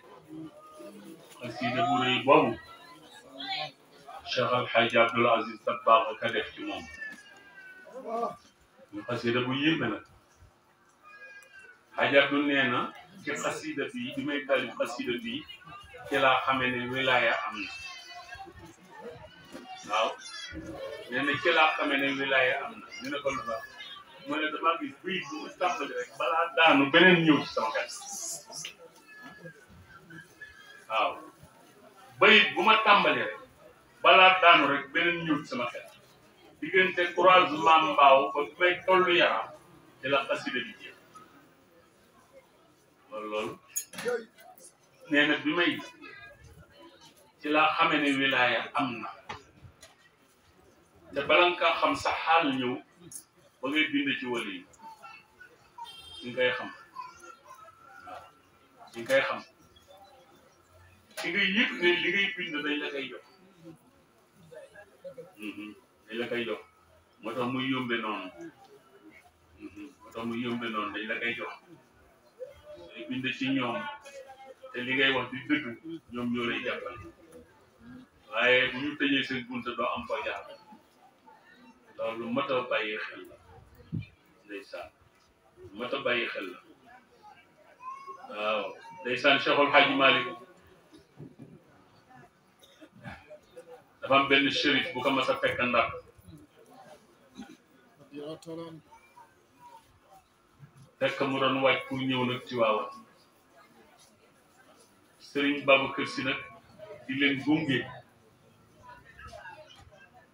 Speaker 2: xasida bu rëy boobu Cheikh Al Hadj Abdoul Aziz Dabakh ka def ci moom ñu xasida bu yéeme nag Hadj Abdoul nee na ci xasida bi bi may tali xasida bi ci laa xamee ne wilaya am na waaw nee na ci laa xamee ne wilaya am na ñu ne ko lu baax mu ne damaa gis buy bu tàmbali rek balaa daanu beneen ñëw ci sama kat waaw bayit bu ma tàmbalee rek balaa daanu rek beneen ñëw sama xel diggante croisement mbaaw ba tollu yaram ci la xasida bi jeex loolu loolu nee bi may ci laa xamee ne am na te bala nga xam sa ñëw ba ngay bind ci wàllu yi ñu ngi koy di nga yëg ne li ngay bind dañ la koy jox mhm. dañ la koy jox moo tax muy yombe noonu mhm. dañ la koy jox day bind ci ñoom te li ngay wax di dëgg ñoom ñoo lay jàppal waaye bu ñu tëjee seen bunta doo am foo jaar loolu mat a bàyyi xel la ndeysaan mat a bàyyi xel la waaw ndeysaan Cheikhul Hadji Malick dafa benn shérif bu ko mas a fekk ndar fekk mu doon waaj pour ñëw nag ci waawa sëriñ Babacar si nag di leen gunge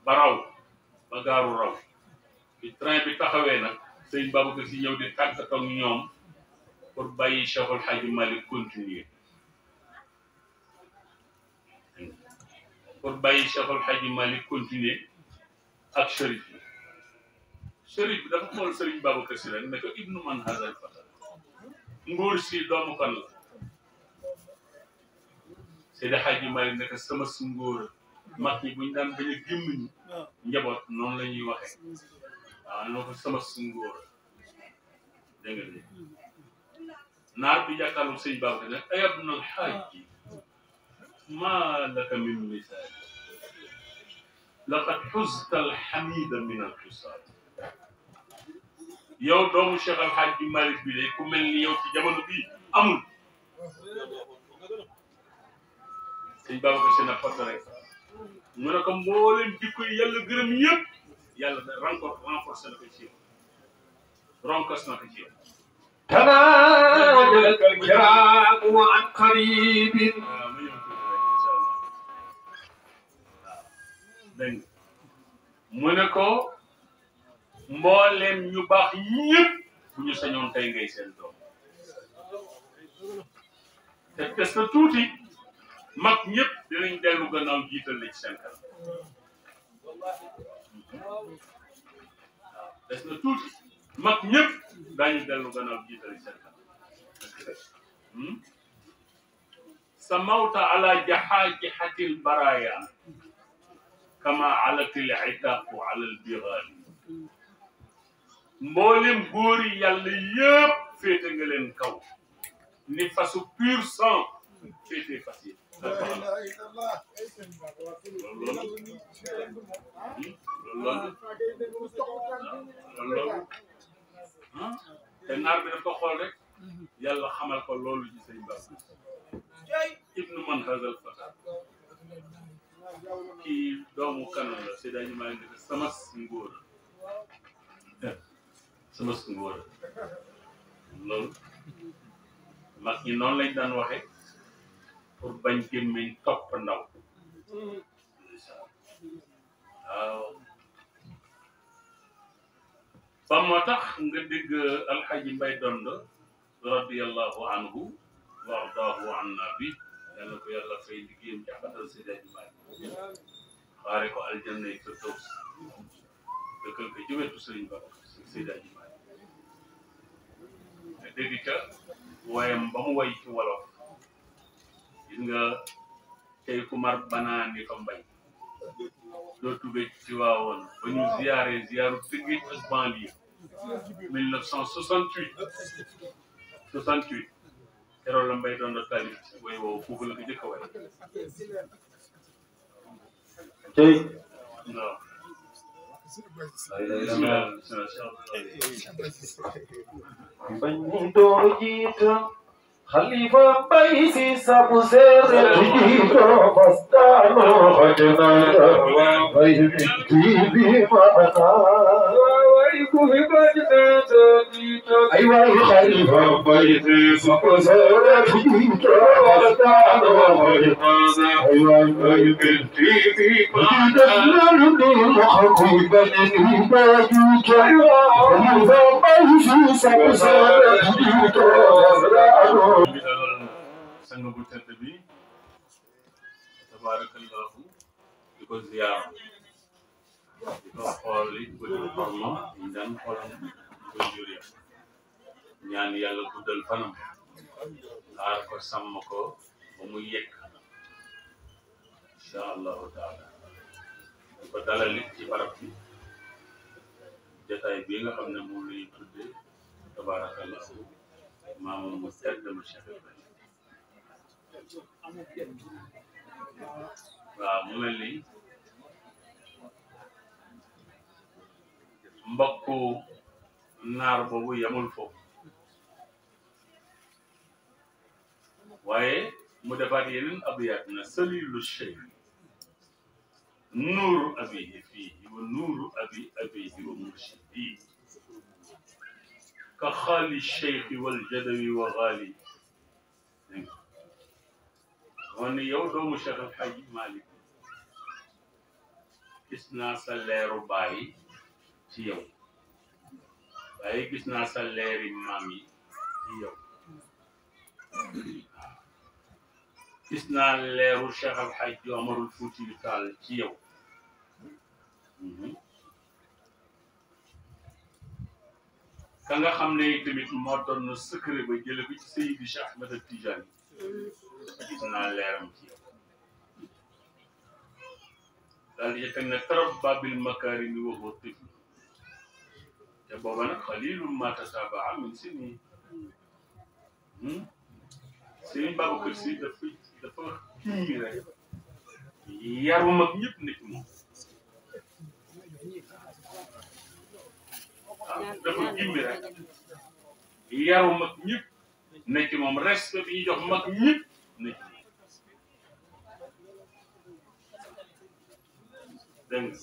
Speaker 2: ba raw ba gaaru raw bi train bi taxawee nag sëriñ Babacar si ñëw di tàggatoo ak ñoom pour bàyyi Cheikh El Hadji Malick pour bàyyi Cheikh El Hadji Malick continuer ak Chérif bi Chérif bi dafa xool Serigne Babacar Sy rek ne ko ibnu man hazal fata nguur si doomu kan la Seydi Hadji Malick ne ko sama su ngóor mag ñi daan bañ a njaboot noonu la ñuy waxee waaw noo ko sama su ngóor naar bi jàkkaarloog Serigne Babacar ne ayab na alxaaj ما لك من مثال لقد حزت الحميد من الحصاد يا دوم شيخ الحاج مالك بلي كمل لي يوم في جمال بي أمل سي بابا سينا فترة من كم بولم تكوي يلا غرم يب يلا رانك رانك سينا في شيء رانك سينا في شيء
Speaker 1: تنا رجلك الجراء
Speaker 2: وعن قريب آمين dégg mu ne ko mboolem ñu baax ñëpp bu ñu sañoon tey ngay seen doom te des tuuti mag ñëpp dinañ dellu gannaaw jiital la ci seen kanam des na tuuti mag ñëpp sa mawta ala jaxaajaxatil كما علت العتاق على البغال مولم غوري يلي يب في تنجلين كو نفسو بير سان في تنجلين الله
Speaker 1: الله الله الله الله الله الله الله
Speaker 2: الله الله الله الله الله kii doomu kan la Seydi Hadji Malick dafa samas ngóor eh, samas ngóor loolu mag ñi noonu lañ daan waxe pour bañ gémmiñ topp ndaw waaw ba moo tax nga dégg alxaji mbay dond radiallahu anhu wa ardaahu anna bi yàlla ko yàlla fay liggéeyam ci xatal si daji maay xaare ko aljanna yi firdaws dëkkal ko jëwetu sëriñ ba si si maay te dégg ca wayam ba mu way ci wolof gis nga tey ku mar banaan ni fa mbay dootu be ci waawoon ba ñu ziyaare ziyaaru tëggeej ak banlieue 1968 68 Erol Mbaye doon na taalif way woowu foofu la ko njëkk a way tey
Speaker 3: non bañ mu
Speaker 5: doo
Speaker 6: jiita xalifa bay si sabu seere
Speaker 5: jiita
Speaker 1: fastaano xajnaada way bi bi maanaa أيوة الخليفة بيتيس وزارة وطعن وغيطاس أيوة البيت التيتي بعد الأرض
Speaker 2: daan ko jure ñaan yàlla guddal fanam aar ko sàmm ko ba muy yëkk incha taala di ko dalal nit ci barab bi jataay bii nga xam ne moom la ñuy tudde tabarakallahu maamam mu sedd ma cheikh waaw mu mel ni mbakku naar boobu yamul foofu waaye mu defaat yeneen abiyaat na salilu shay nuuru abihi fiihi wa nuuru abi abihi wa murshidi ka xaali cheikhi wal jadawi wa xaali wan yow doomu cheikh alxaj malik gis naa sa leeru bàyyi تيو اي بسنا سالاري مامي تيو بسنا ليرو شيخ الحاج عمر الفوتي بتاعي تيو كان خامني تيميت مودون نو سكري با جيلو سي سيدي شيخ احمد التجاني بسنا ليرم تيو لأن يتنى ترب باب المكارم وهو طفل يبقى قليل ما تتابع من سنة سنة بابا كرسي دفع دفع كبيرة يا رب ما بيجيب نكمة دفع كبيرة يا رب ما بيجيب نكمة مرس في جو ما بيجيب نكمة دعني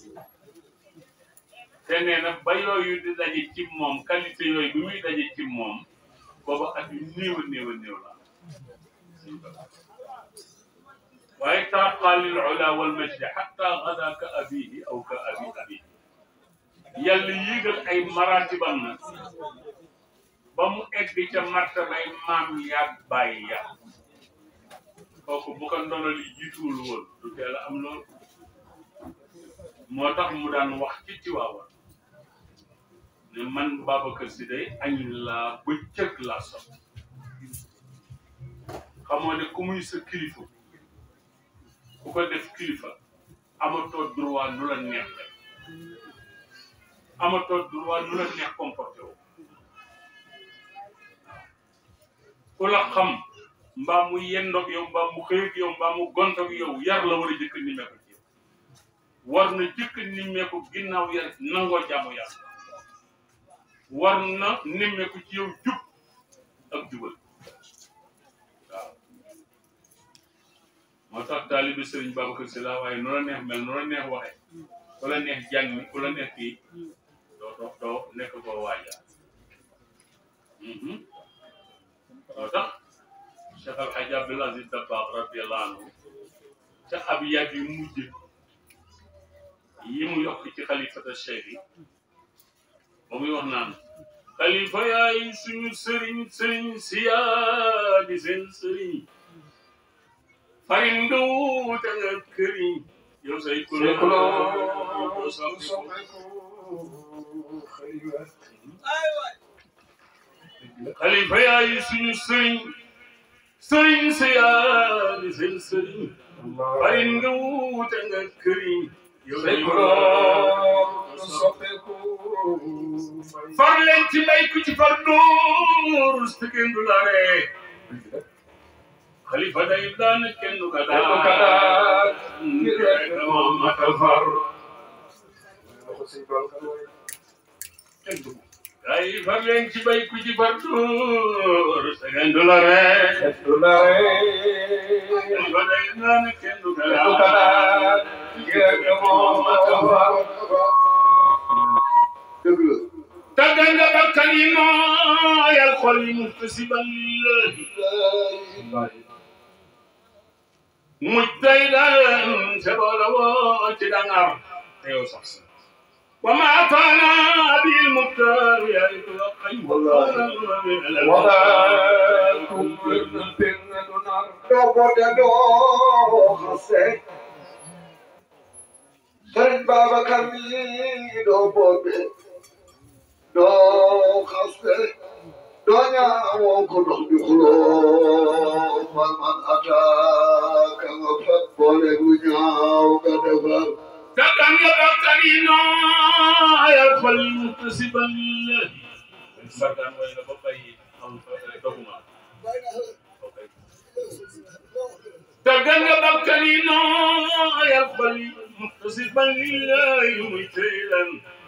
Speaker 2: te nee na ba yooyu di daje ci moom qualité yooyu bi muy daje ci moom booba at yu néew a néew a néew la waaye taraqa lil ula wal majdi xatta gada ka abihi aw ka abi abi yàlla ay maratibam na ba mu egg ca martabay maam yaag bàyyi ya kooku bu ko ndono li jiituwul woon du teel am loolu moo tax mu daan wax ci Tiwaawan man Babacar Sy day añ laa bëccëg laa sopp xamoo ne ku muy sa kilifa ku ko def kilifa amatoo droit nu nu la neex comporté wu ku la xam mbaa mu yendoog yow mbaa mu xëyog yow mbaa mu gontoog yow yar la war a jëkk ni meeko yow war na jëkk ni meeko ginnaaw yar nangoo jaamu yàlla war na nemmeeku ci yow jub ak jubal waaw moo tax taalibe sëriñ Babacar Si la waaye nu la neex mel nu la neex waxe ku la neex jàng mi ku la neex kii doo doo doo nekk koo waaja mhm. moo tax Cheikh Al Hadj Abdoul Aziz Dabakh radiyallahu ca ab yaat yu mujj yi mu yokk ci xalifata cheikh yi moom muy wax naan xalifa yaay suñu sëriñ sëriñ si yaa di seen sëriñ farindu te nga këriñ yow say kulo xalifa yaay suñu sëriñ sëriñ si yaa di seen sëriñ farindu te nga këriñ yow say kulo far leen ci may ku ci far nuur si kenn du laaree xalifa day daan kenn du ko daal ni rek moom ma ko far ay far leen ci bay ku ci far nuur si kenn du laaree kenn du laaree
Speaker 1: xalifa day daan kenn ma far tagga nga bakkan yi nooyal xol yi muhtasiban lillahi mujtahidan sa boole woo ci dangar te yow sax sa وما أعطانا أبي المختار يا إتوقي والله وما
Speaker 3: كنا بين
Speaker 1: نار دوبود دو خسك سرد بابا كمي دوبود دو خصبه دنيا وكل يخلو فمن أتاك وفق لبنيا وكدفر
Speaker 2: تكن يبقرينا يا كل مكتسبا فكان وين بقي أنفسكما تكن يبقرينا
Speaker 6: يا كل مكتسبا لله ميتيلا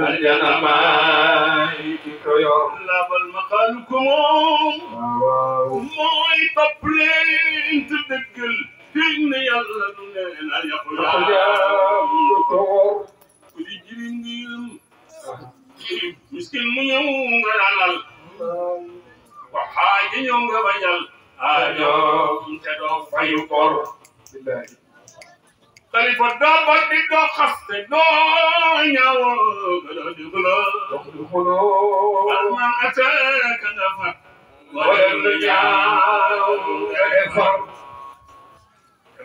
Speaker 5: aljana maay
Speaker 2: ki ko yor
Speaker 1: laabal ma xaalu ko moom waaw mooy topp leen te
Speaker 2: dëggal dégg na yàlla du neen a yàqu yàqu ko wor ku di jiriñ ngirum miskin mu ñëw nga dalal ko xaaji ñëw nga bañal aajoom te doo fayu
Speaker 4: kor billahi
Speaker 2: Khalifa dama di ko xaste
Speaker 3: doo ñaw
Speaker 1: gala di xuloo alma
Speaker 3: ataka nga fat wala lu ñaaw nga
Speaker 2: defar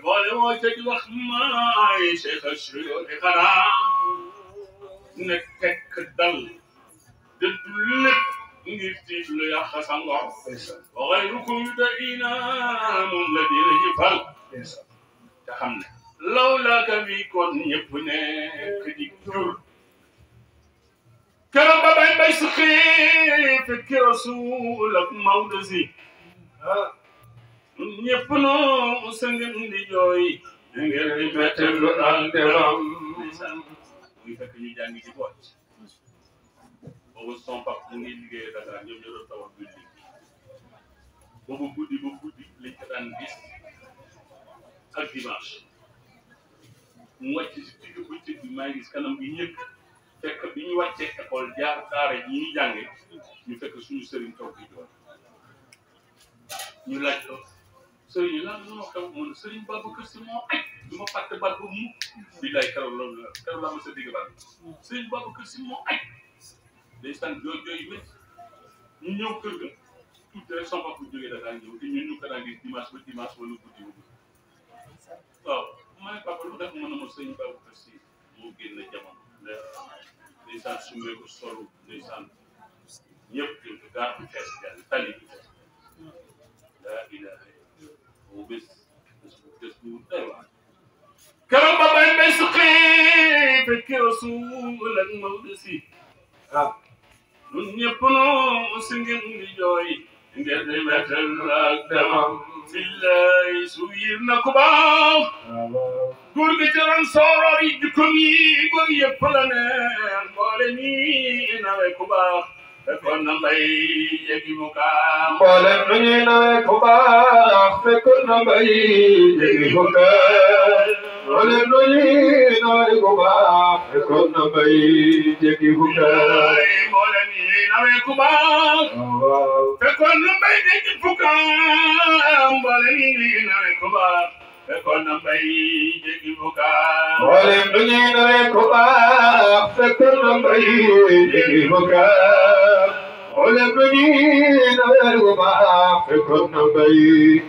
Speaker 2: boole moo tëj wax maay cheikh ashrio di xaraam na tekk dal dëddu lépp ngir tiit lu yàq sa ngor wa xayrukum daina moom la dina jëfal te xam ne law laa ka wi kon ñëpp nekk di jur keroog ba bay bay su xiif ki rasul ak Maodo si ñëpp noo sa di jooy ngir di betelu anderam muy fekk ñu jàngi ci boot boobu son pap ngi liggéey Dakar ñoom ñoo doon tawat guddi boobu guddi boobu guddi lañ ko daan ak dimanche mu wàcc si digg bëccëg bi maa ngi gis kanam gi ñëpp fekk bi ñu wàccee école jaar daara ñi ñuy jànge ñu fekk suñu sëriñ taw bi doon ñu laaj ko sëriñ yi moo xew Si moo aj du ma ba mu sëriñ Babacar Si moo aj day sant jooy jooy métti ñu ñëw kër ga tuuti rek sama papa bu jógee da daan ñu ko daan gis dimanche ba dimanche wala guddi waaw ma ne papa lu tax mën a ma sëñ Babacar Sy moo génn jamono ndax ndeysaan sumeeku solu ndeysaan ñëpp jënd gaar bi fees jàll tali bi fees laa ilaha mu bés bés bu bés bu dara keroog ba bay bay su xëy fekk rasul ak Maodo si ah ñun ñëpp noo si ngeen di jooy ngeen di mettal ak demam billaay
Speaker 1: su yéem na ku baax. góor gi ci ran sooroor yi jukkum yi góor yëpp la neex mboole nii nawe ku baax. fekkoon na mbay yeggi mu kaam. mboole nu ñuy nawe ku baax fekkoon na mbay yeggi mu kaam. mboole nu ñuy nawe ku baax fekkoon na mbay yeggi mu kaam. awee ku baax fekkoon na mbay denc fukkaam mboolem yi ñuy nawee
Speaker 2: ku baax fekkoon na mbay jéggi fukkaam
Speaker 3: mboolem du ñuy nawee ku
Speaker 1: baax fekkoon na mbay jéggi fukkaam ولا بنين ما فكر نبي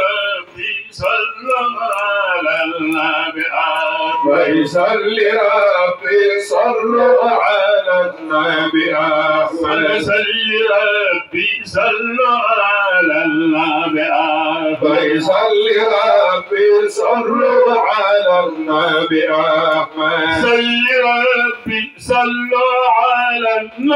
Speaker 1: ربي سلم على النبي ويسل ربي صل على النبي احمد ويسل ربي صل على النبي احمد ويسل ربي صل على النبي صل ربي صل على النبي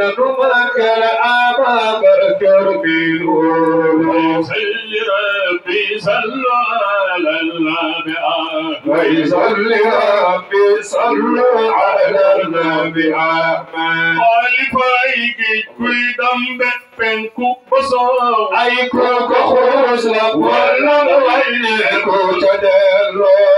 Speaker 1: نمك العباب
Speaker 3: كربيلون سي
Speaker 2: ربي صلوا على النبي ويصلي ربي صلوا على النبي
Speaker 1: آمين قالفايك كوي دم بنكو بصو أيكو كخوص لك ولا موليكو تدلو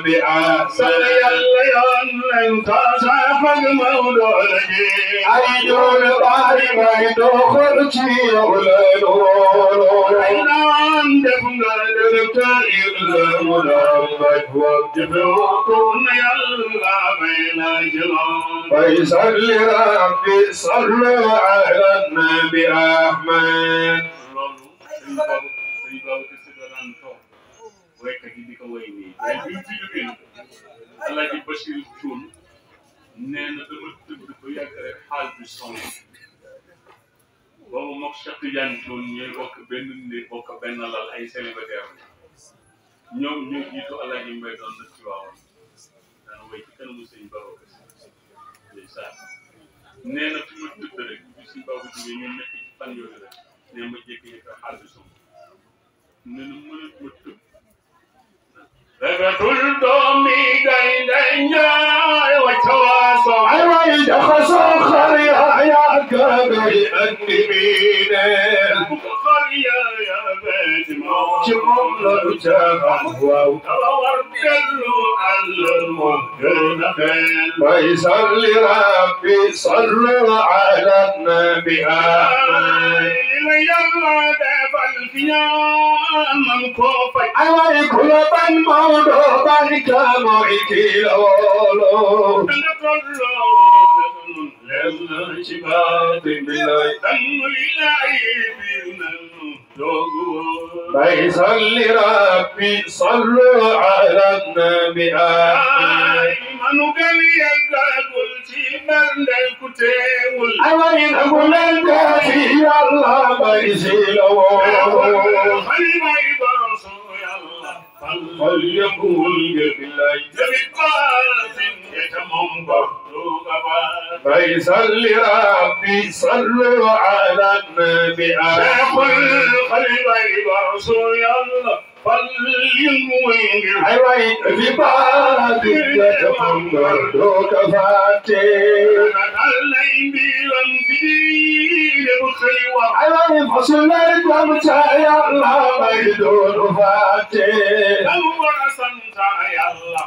Speaker 1: فيصل ربي صلوا على
Speaker 4: النبي أحمد
Speaker 2: woykat yi di ko woy nii waaye bi ñu ci jógee Alaaji Bachir Thioune nee na dama tëdd ba yàgg rek xaal bi son boobu mook Cheikh Tidiane Thioune ñooy benn néeg bokk benn lal ay célibataire ñoom ñoo jiitu Alaaji Mbay doon na ci waawoon dana ci kanamu sëñ Babacar day saa nee na fi ma tëdd rek bi sëñ Babacar jógee ñoom nekk ci fan yooyu rek ma jékki daga tuldon mi daidan ya wata waso hawai da kaso kariya ya gabe
Speaker 1: annibi ne يا يا بيت جموم لو جابت واو كلو علمه النخيل ويصل ربي صلوا على النبي آمين إلي الله فالفيام الكوفي أنا كلبا موضوبا كمعكي لولو بي صل ربي صلوا على النبي أَيْمَنُ قال يدعك الجبال الكتاول أولين أقول لك يا الله ما يبرسوا فليقول بالله بقالة يتمنبر لربي صلوا على النبي شيخ الخليل رسول الله أيوة في بعدك تفمر دوك فاتي أيوة فصل لك ومتع يا الله بيدون فاتي أمور سمتع يا الله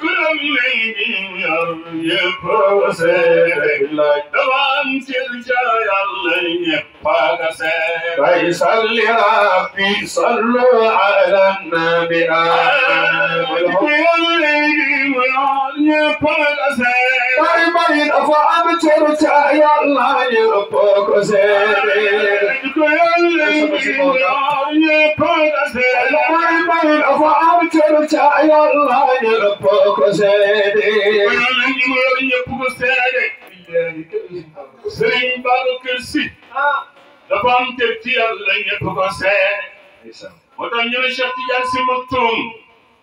Speaker 1: குலம் நெய்தியர்வான் சிறுச்சாயல்லைய பகசேரை சல்லிராப்பி Allah Allah ko seede wala nag ñu ma yor ñëpp ko seede sëriñ Babacar Sy dafa am teg ci yàlla ñëpp ko seede moo tax ñu ne Cheikh Tidiane Sy Maktoum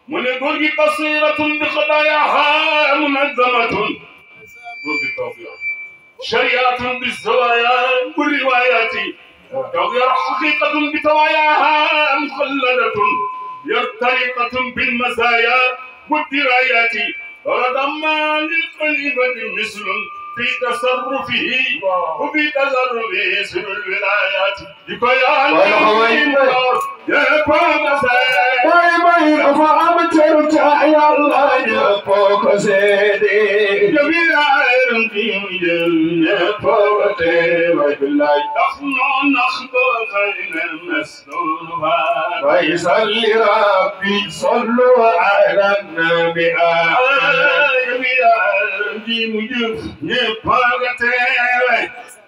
Speaker 1: mu ne góor gi basiratun bi xadaayaha munazzamatun góor gi toog yor shariatun bi zawaaya bu riwaayaati toog yor xaqiqatun bi tawaayaha muxalladatun yor tariqatun bil mazaaya بد راياتي ولدما للخليفة مثل في تصرفه وفي تزربه سر الولايات لبيان Bye bye, of our amateur to I line up for Cosette. You mean I don't think you never day like the light of non of the mess. By Sally Rapi, Solo Island, be I. You mean I don't think you never day.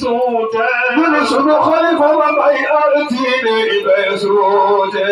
Speaker 1: بسوته بلس خلف ربعي أرتيني بسوته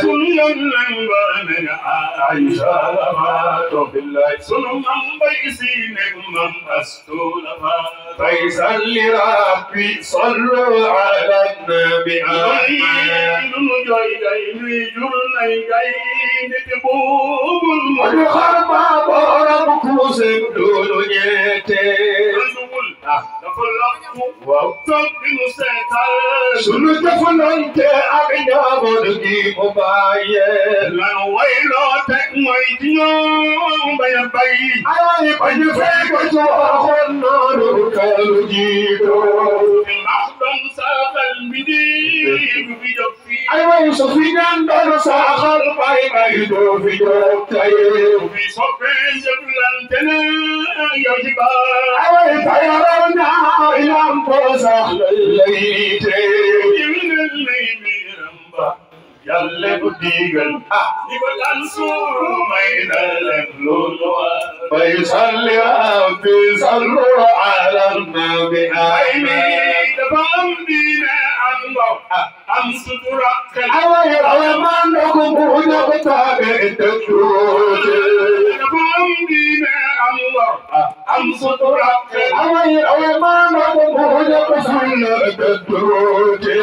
Speaker 1: سنن من من عائشة لفاته بالله سنن من بيسين من أستو لفاته فيسأل لربي صلوا على النبي آمين جيدين جرني جيد تبوب المجخر بابا ربكو سبدون جيتي رسول الله waaw toog bi nu seetal sunu jëfalante ak njaboot gi mu bàyyee lan wayloo teg mooy ci ñoom bañ a bàyyi ay bañ a fekk ci waxoon noonu kalu jiitoo maxdom saafal bi di du fi jóg fii ay way su fi ñaan doon saaxal bay bay doo fi jóg tey fi soppee jëflante na yow ci baa ay way tayaroo naa 'Cause I'm a lady, Rambo, Rambo, Rambo, Rambo, yàlla bu digal ah di ko daan suuru may na leen loolu waa. fay salli waa fi sallu ala nabi ay mi dafa am diine am mbaw am sutura kan. awa yi awa maa ndogu bu ndogu taabe
Speaker 3: tëjuute.
Speaker 1: dafa am diine am mbaw am sutura kan. awa yi awa maa ndogu bu ndogu sunna tëjuute.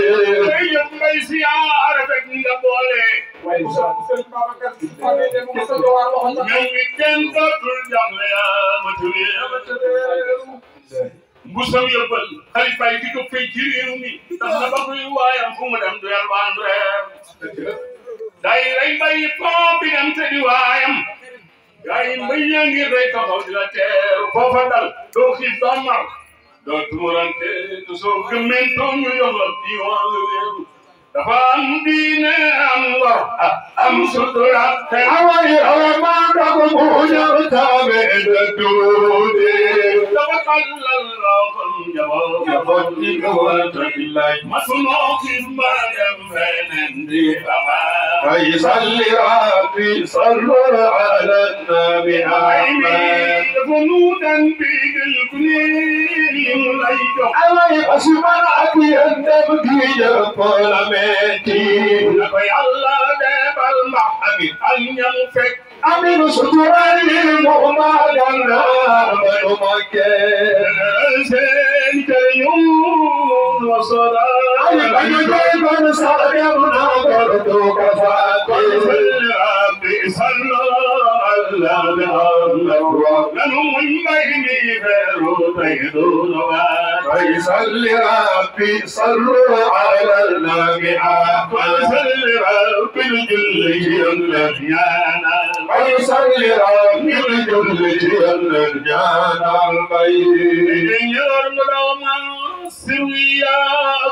Speaker 1: tey yëpp ngay siyaare rek nga boole. waaye incha allah sëñ Babacar si fan yii de moom sa doxal waxoon na. ñoom it kenn dootul jàmm yaa ma tëddee yaa ma tëddee. mbusam yëppal. xalifa yi di ko fay ci réew mi. ndax na ba muy waayam fu mu dem du yàlla waan reer. day rey bay pont bi dem te di waayam. gaa yi mbay yaa ngi rey taxaw di la teeru foofa dal. doo xiif doo mar. doo tumurante te soo gëmmeen toog ñu jox la diwaan réew فاندينا الله أم سدرة أوي أوما ربه
Speaker 3: جرتا
Speaker 1: بدودي تبقل الله يبقل قوة الله مسموك ما ينفنندي أما فيصل ربي صلوا على النبي أحمد فنودا بيد الكنين عليك أسمعك أنت بكي يا قلمي seeti na ko yàlla defal ma amit ak ñam fekk أمين سترا للمؤمن أمن مكين كيون وصرا أجدبا سأيمنا بردوك
Speaker 3: فاتح العبد صلى
Speaker 1: فيصل ربي صلوا على النبي فيصل ربي الجل الذي ينادى ويسيرا من جملة الجان الخير من سويا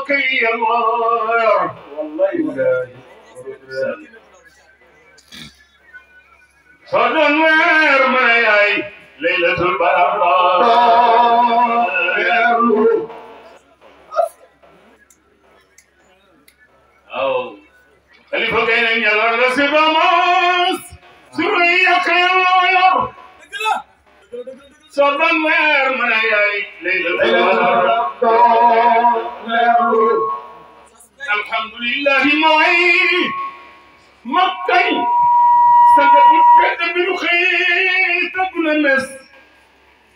Speaker 1: كي يمر والله لا صدى النار ما يعي ليلة البرار
Speaker 2: أو خليفة كان يلعب سبا
Speaker 1: مصر سرية خير الغير صب النار من عياي الحمد لله معي مكي سبب كد بالخير
Speaker 6: تبن مس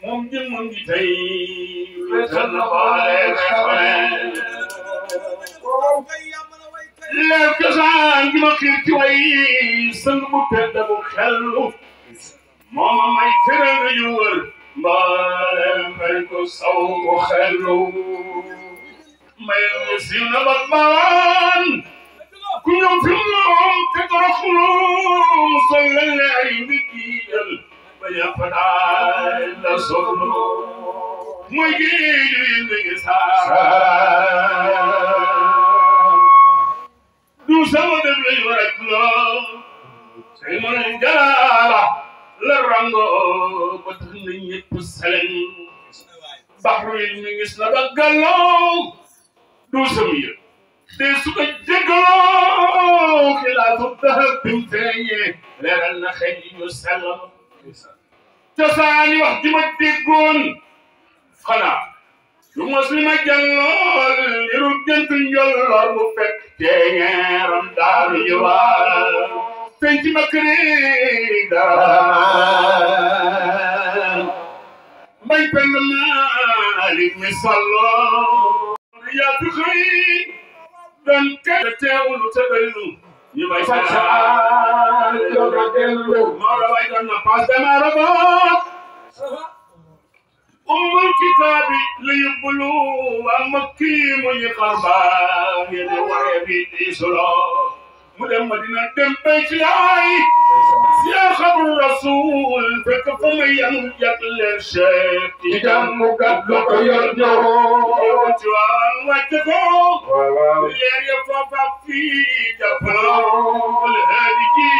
Speaker 6: ممكن من جتاي يتخلف عليك réew
Speaker 1: cosaan gi ma xiir ci way sël bu tedd bu xellu mooma may tëral yu wër mbaaleel fay ko saw ko xellu may siiw na ba baan ku ñëw fi moom te torox moom solal ne ay ndigal ba yafadaay la soxlu mooy géej wi ngi saara lu sama dem lay warak loo sey mën jaala la
Speaker 2: rango ba tax na ñëpp salen baxru yi ñu gis na ba gàllaw du sama yë te su ko jégaloo
Speaker 1: xilaafu dahab bim feeñee leeral na xëy ñu salam cosaani wax ji ma déggoon xanaa lu muslima jallool liru jant njolloor bu fekk teeŋeeram daal yu waal penc ma këri daramaan mbay pend mi salloo yaa fi xëy dan kay teewulu te doylu
Speaker 2: ñu bay saal yoo ka dellu noora way doon na
Speaker 1: paas dama raboot أم الكتاب ليقبلوا ومكي من قربان وعبيد إسلام مدام مدينة دم بيت لاي يا خبر الرسول فك فميان يقل الشيخ يدم مقدلق يرجو وجوان وجبو يا يفافا في جبال الهدي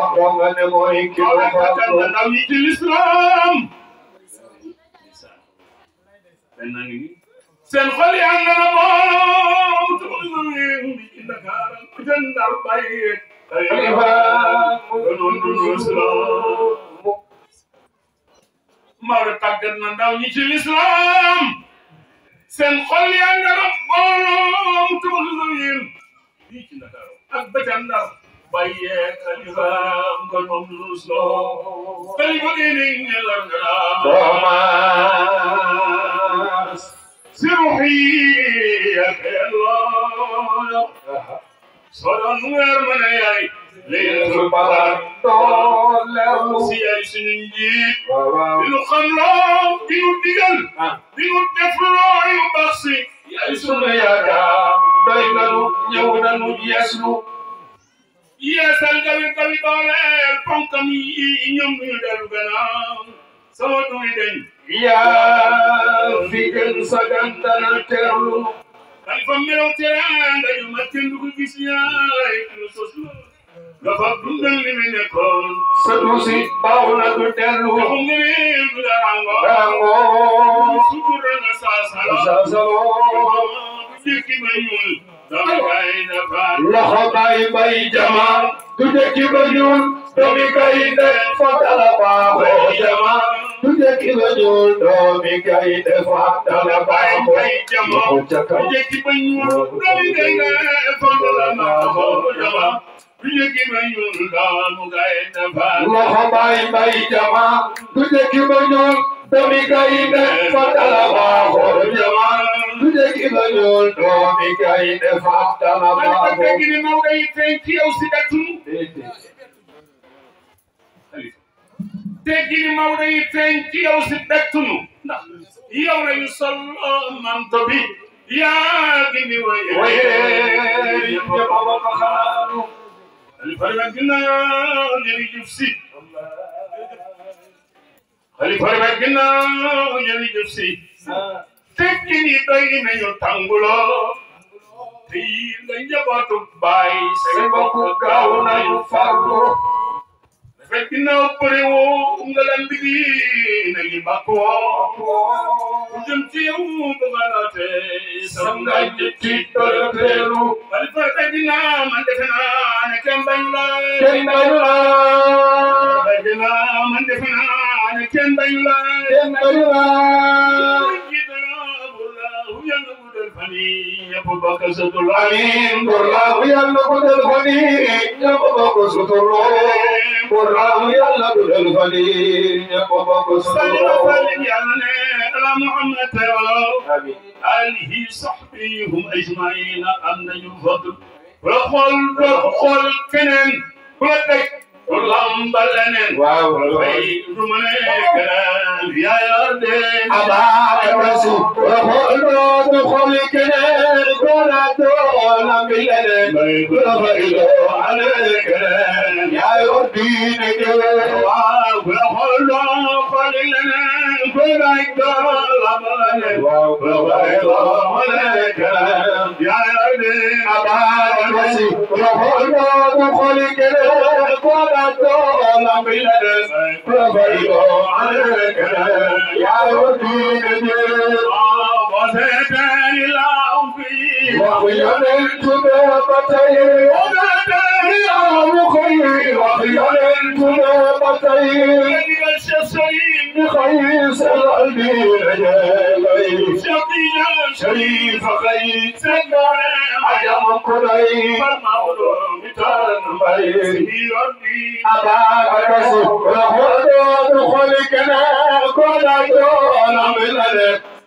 Speaker 1: sen
Speaker 2: xol yi ànd na moom te
Speaker 1: xol yi réew mi ci Dakar ku jënd ar bàyyi xalifa
Speaker 2: gënoon du lislaam
Speaker 1: Maodo tàggat na ndaw ñi ci lislaam xol yi ànd na moom te xol yi
Speaker 2: ci Dakar ak bëj-àndar bayek aliram kalmam nuslo
Speaker 1: kalmudining elangram
Speaker 2: domas
Speaker 1: siruhi akelo sodan wer manayay leyatul badar dolew si ay suñu njiit dinu xam loo dinu digal dinu def loo yu baax si
Speaker 6: ay sunu yaakaar doy nanu ñëw nanu
Speaker 1: yees nu yeesal gawi gawi dooleel ponkam yi ñoom ñu dellu gannaaw soo duy deñ yaa fi gën sagan dana teerlu day fa melaw teraanga yu ma kenn du ko gis yaay ñu sos dafa dundal li mu nekkoon sëtu si baaw na du dellu dafa ngëwee du darango darango sukur na saasalo saasalo du jëkki ma ñuul loxo bay bay jamaal du dëkki ba ñuul doomi gaynde fàttala baaxoo jamaal du dëkki ba ñuul doomi gaynde fàttala baaxoo jamaal loxo ca kaw du dëkki ba ñuul doomi gaynde fàttala baaxoo
Speaker 2: jamaal ku njëkk ba ñuul doomu gaynde faal loxo
Speaker 1: bay bay jama ku njëkk ba ñuul doomi gaynde fatala baaxoo jama ku njëkk ba ñuul doomi gaynde fatala baaxoo man fekk ni moo ngay feeñ ci yow si datu teggini Maodo yi feeñ ci yow si bettunu ndax yow la ñu sol manto bi yaa ngi ni wéyee wéyee ginnaaw ñëri jëf si
Speaker 3: xalifa
Speaker 2: rek baay seen bopp gaaw nañu farlu
Speaker 1: Fekina pare wo ngalan bigi nagi bako Ujam tiyu bugalate Samga jiti torotelu Alfa tajina mandefina Nekembangla Kembangla Tajina mandefina Nekembangla Kembangla Jitala burla huyangla ñëpp bokk sutur la amiin bur laahu yàlla bu del fan yi ñëpp bokk sutur la bur laahu yàlla bu del
Speaker 2: fan yi ñëpp bokk sutur la sallim yàlla ne ala Muhammad teewloo alihi sahbihum ajmaina am nañu fadl la xool doon xool keneen ku la teg lambal enen waaw
Speaker 1: ɗumane yayarde abaka rasu hoɗo to koli kene gona to nambilene ɗofailo
Speaker 3: ale kene yayordine kene waaw hoɗo
Speaker 1: kolilene gona to labalane waaw ɗofailo ale kene yay abáàrọ̀lọ́sì rọ̀bọ̀ olóògùn kọ́lé kéré kọ́lá tó ọ̀làmílẹ̀
Speaker 3: rọ̀bọ̀ ìbọ̀ alẹ́ kẹrẹ
Speaker 1: yàrá òkú kékeré. ọ̀bọ̀sẹ̀ وخيلت بابتي ونادي عمقي وخيلت بابتي بخيس القلبي العجالي شقينا شريف خيس سنعي عجم قلي فالمولوم تنبي سيرني أباك تسوق لخوض خلقنا كل دون من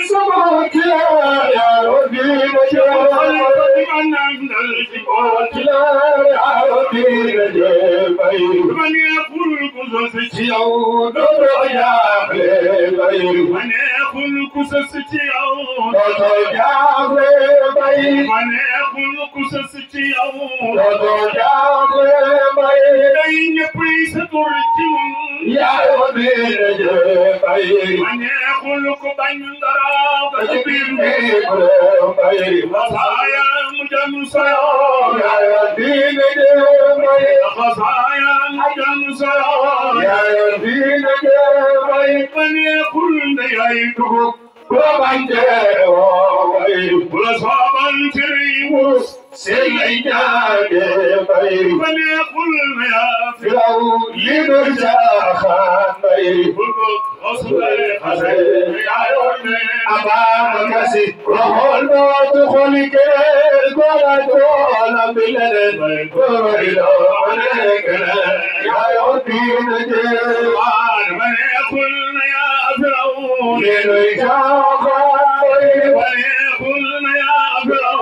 Speaker 1: سبحانك يا ربي وجهك من عند الجبال يا
Speaker 3: ربي وجهك
Speaker 1: من يقول القصص يعود يا من يقول القصص يعود يا من يقول القصص يعود يا من يقول القصص يعود يا ربي وجهك من يقول القصص يعود تجبين ببرم غير خصايا مجمسة يا دين جمعي خصايا مجمسة يا دين جمعي من يقول لي وبنجي وبنجي وبنجي سيدنا بيري فليقل يا فرعون لمرجع خان
Speaker 3: بيري
Speaker 1: أمام كسي وهول موت خلق البلد ولم بلد عليك
Speaker 2: يا يوتين
Speaker 1: جيوان من يقول يا فرعون لمرجع خان بيري يا فرعون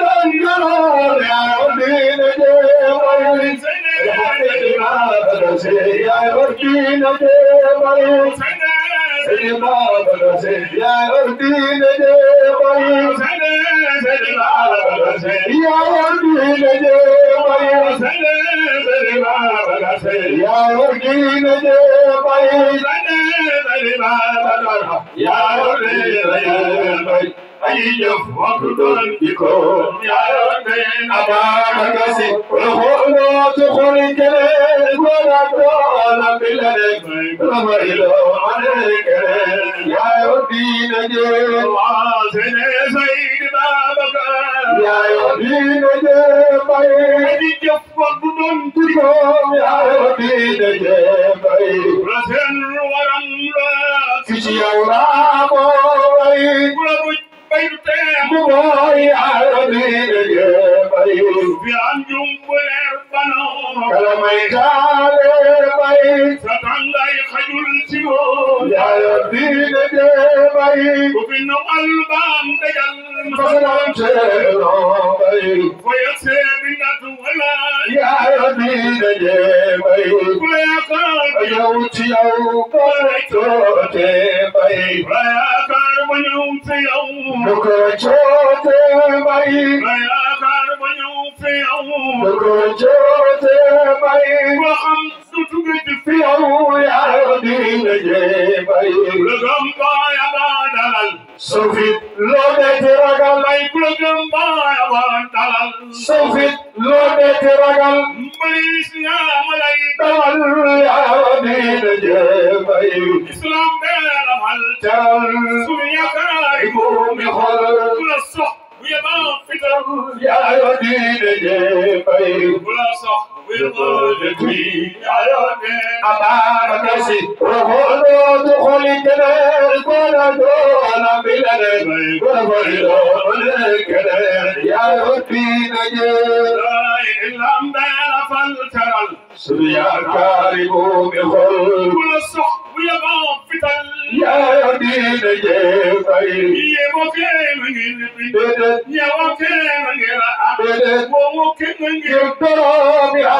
Speaker 1: يا ربي يا ربي ay jëf waxtu doon di ko ñaaroon benn abaaka gasi loxo nootu xuri kere gona doona billa rek lama ilo ane kere yaayo diina jee waasene sayid baabaka yaayo diina jee bay ay jëf waxtu doon di ko yaayo diina jee bay rasen waram la kisi yaw raamo bay பயிர்த்தே போய் வியாஞ்சும் புலர்பனோ கடமை காலே பை சதங்காய் கயுல் சிவோ யாதீன தேவை குபின் அல்பான் தயல் மசலம் சேரோ பை வயசே பின்னது வலா யாதீன தேவை புலகால் யௌச்சியோ கரச்சோ தேவை புலகால் மயௌச்சியோ lu ko jotee may. nga yaakaar ba ñëw fi yow. lu ko jotee may. tuggiti fiyaw yaa diina
Speaker 3: jee bay
Speaker 4: la
Speaker 1: gambaaya baa dalal sofit loo deeti ragal bay ku la gambaaya baa dalal sofit loo deeti ragal mbay islaam lay dalal yaa diina
Speaker 4: jee bay
Speaker 1: islaam bee la mal tal sunu yakaay moomi xol ku la sox bu yebaa fital yaa diina jee bay ku la sox أمامك سره دخل الجنة ولا دون بلاد
Speaker 3: وغير
Speaker 1: الكلام يا ربي نجد إلهم بلا فلتر سريا كارب بخل كل الصح ويقام فتن يا ربي نجد يا وكيل من يا وكيل من يا وكيل من يا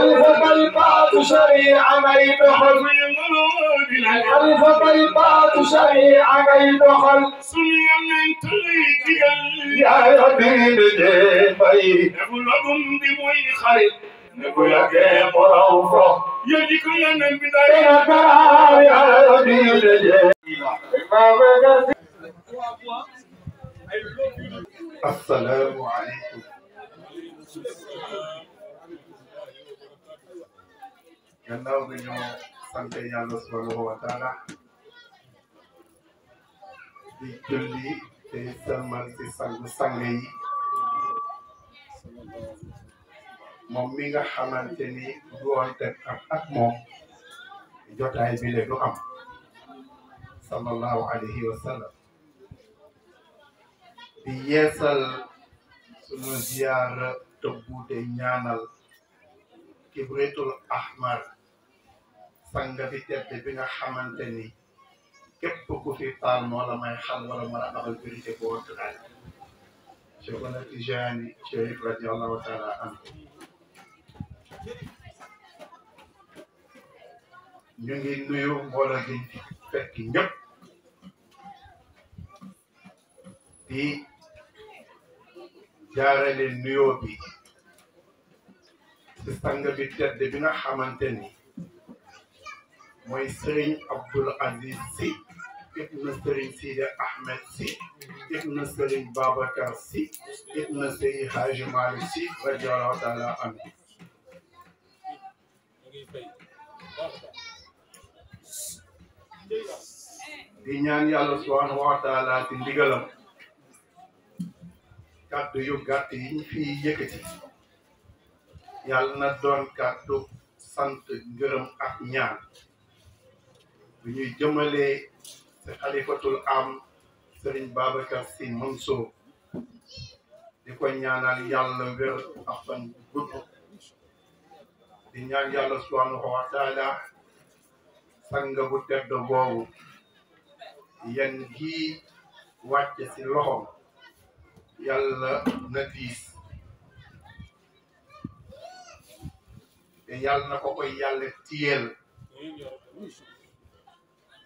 Speaker 1: خلف طلقات شريعة غيب حزن خلف طلقات شريعة غيب حزن سمي من تريد يا
Speaker 4: ربي نقول
Speaker 1: لهم بموي خير نقولك يا مروفة يديك يا نبي يا ربي لجيبي السلام عليكم
Speaker 4: gannaaw bi ñu sant yàlla subhanahu wa taala di julli te salmal ci sangu sang yi moom mi nga xamante ni du woon ak ak moom jotaay bi le du am sallallahu alayhi wa sallam di yeesal sunu ziyaara tëbbu te ñaanal kibritul ahmar sanga bi tedd bi nga xamante ni képp ku fi taal moo la may xam wala mën a abal vérité bu wattu daal Cheikhuna Tijaani Cherif radiyallahu taala anhu ñu ngi nuyu mboola bi fekk ñëpp di jaarale nuyoo bi si bi tedd bi nga xamante ni mooy Serigne Abdoul Aziz Sy ibna Serigne Sidi Ahmed Sy ibna Serigne Babacar Sy ibna Serigne Hadji Malick si radiyallahu taala anhu di ñaan yàlla subhanahu wa taala ci ndigalam kàddu yu gàtt yi ñu fi yëkkati yàlla na doon kàddu sant ngërëm ak ñaan bi ñuy jëmalee si xalifatul am sëriñ Babacar Sy Mansour di ko ñaanal yàlla wér ak fan gudd di ñaan yàlla subhanahu wa taala sanga bu tedd boobu yan gii wàcc si loxom yàlla na diis te yàlla na ko koy yàlla tiyeel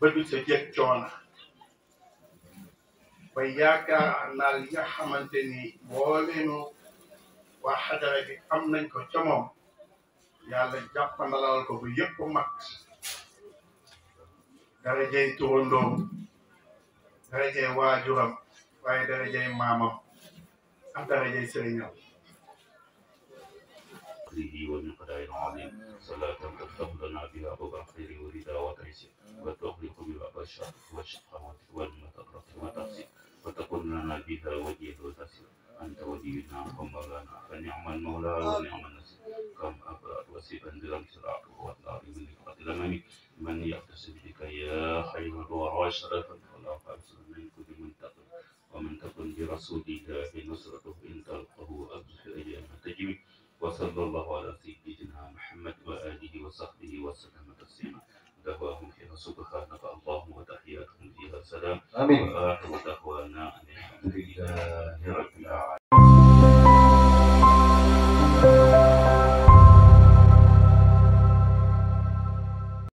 Speaker 4: ba du sa jëg coona ba yaakaar naa li nga xamante ni booleenu waa xadara bi am nañ ko ca moom yàlla jàppandalal ko bu yëpp mat darajey turandoom darajey waajuram waaye darajey maamam ak darajey sëriñam قدره ومقدار عظيم صلاة
Speaker 2: تفتح لنا بها أبا خير ورضا وتيسير وتغلق بالعطش والشقة والمطرة وتغسل وتكون لنا بها وجهة وتغسل أنت ولينا ومولانا فنعم المولى ونعم النصير كم أبرأت وسيفا درم سرعة والنار من نقرة الأمام من يقتصد بك يا خير الروح وأشرف الخلاق أبصر
Speaker 1: من كل من تقل
Speaker 2: ومن تكن برسولك بنصرته إن تلقه أبصر إلى ما تجمي وصلى الله على سيدنا محمد وآله وصحبه وسلم تسليما دعواهم فيها سبحانك اللهم وتحياتهم فيها سلام امين واخر دعوانا ان الحمد لله رب العالمين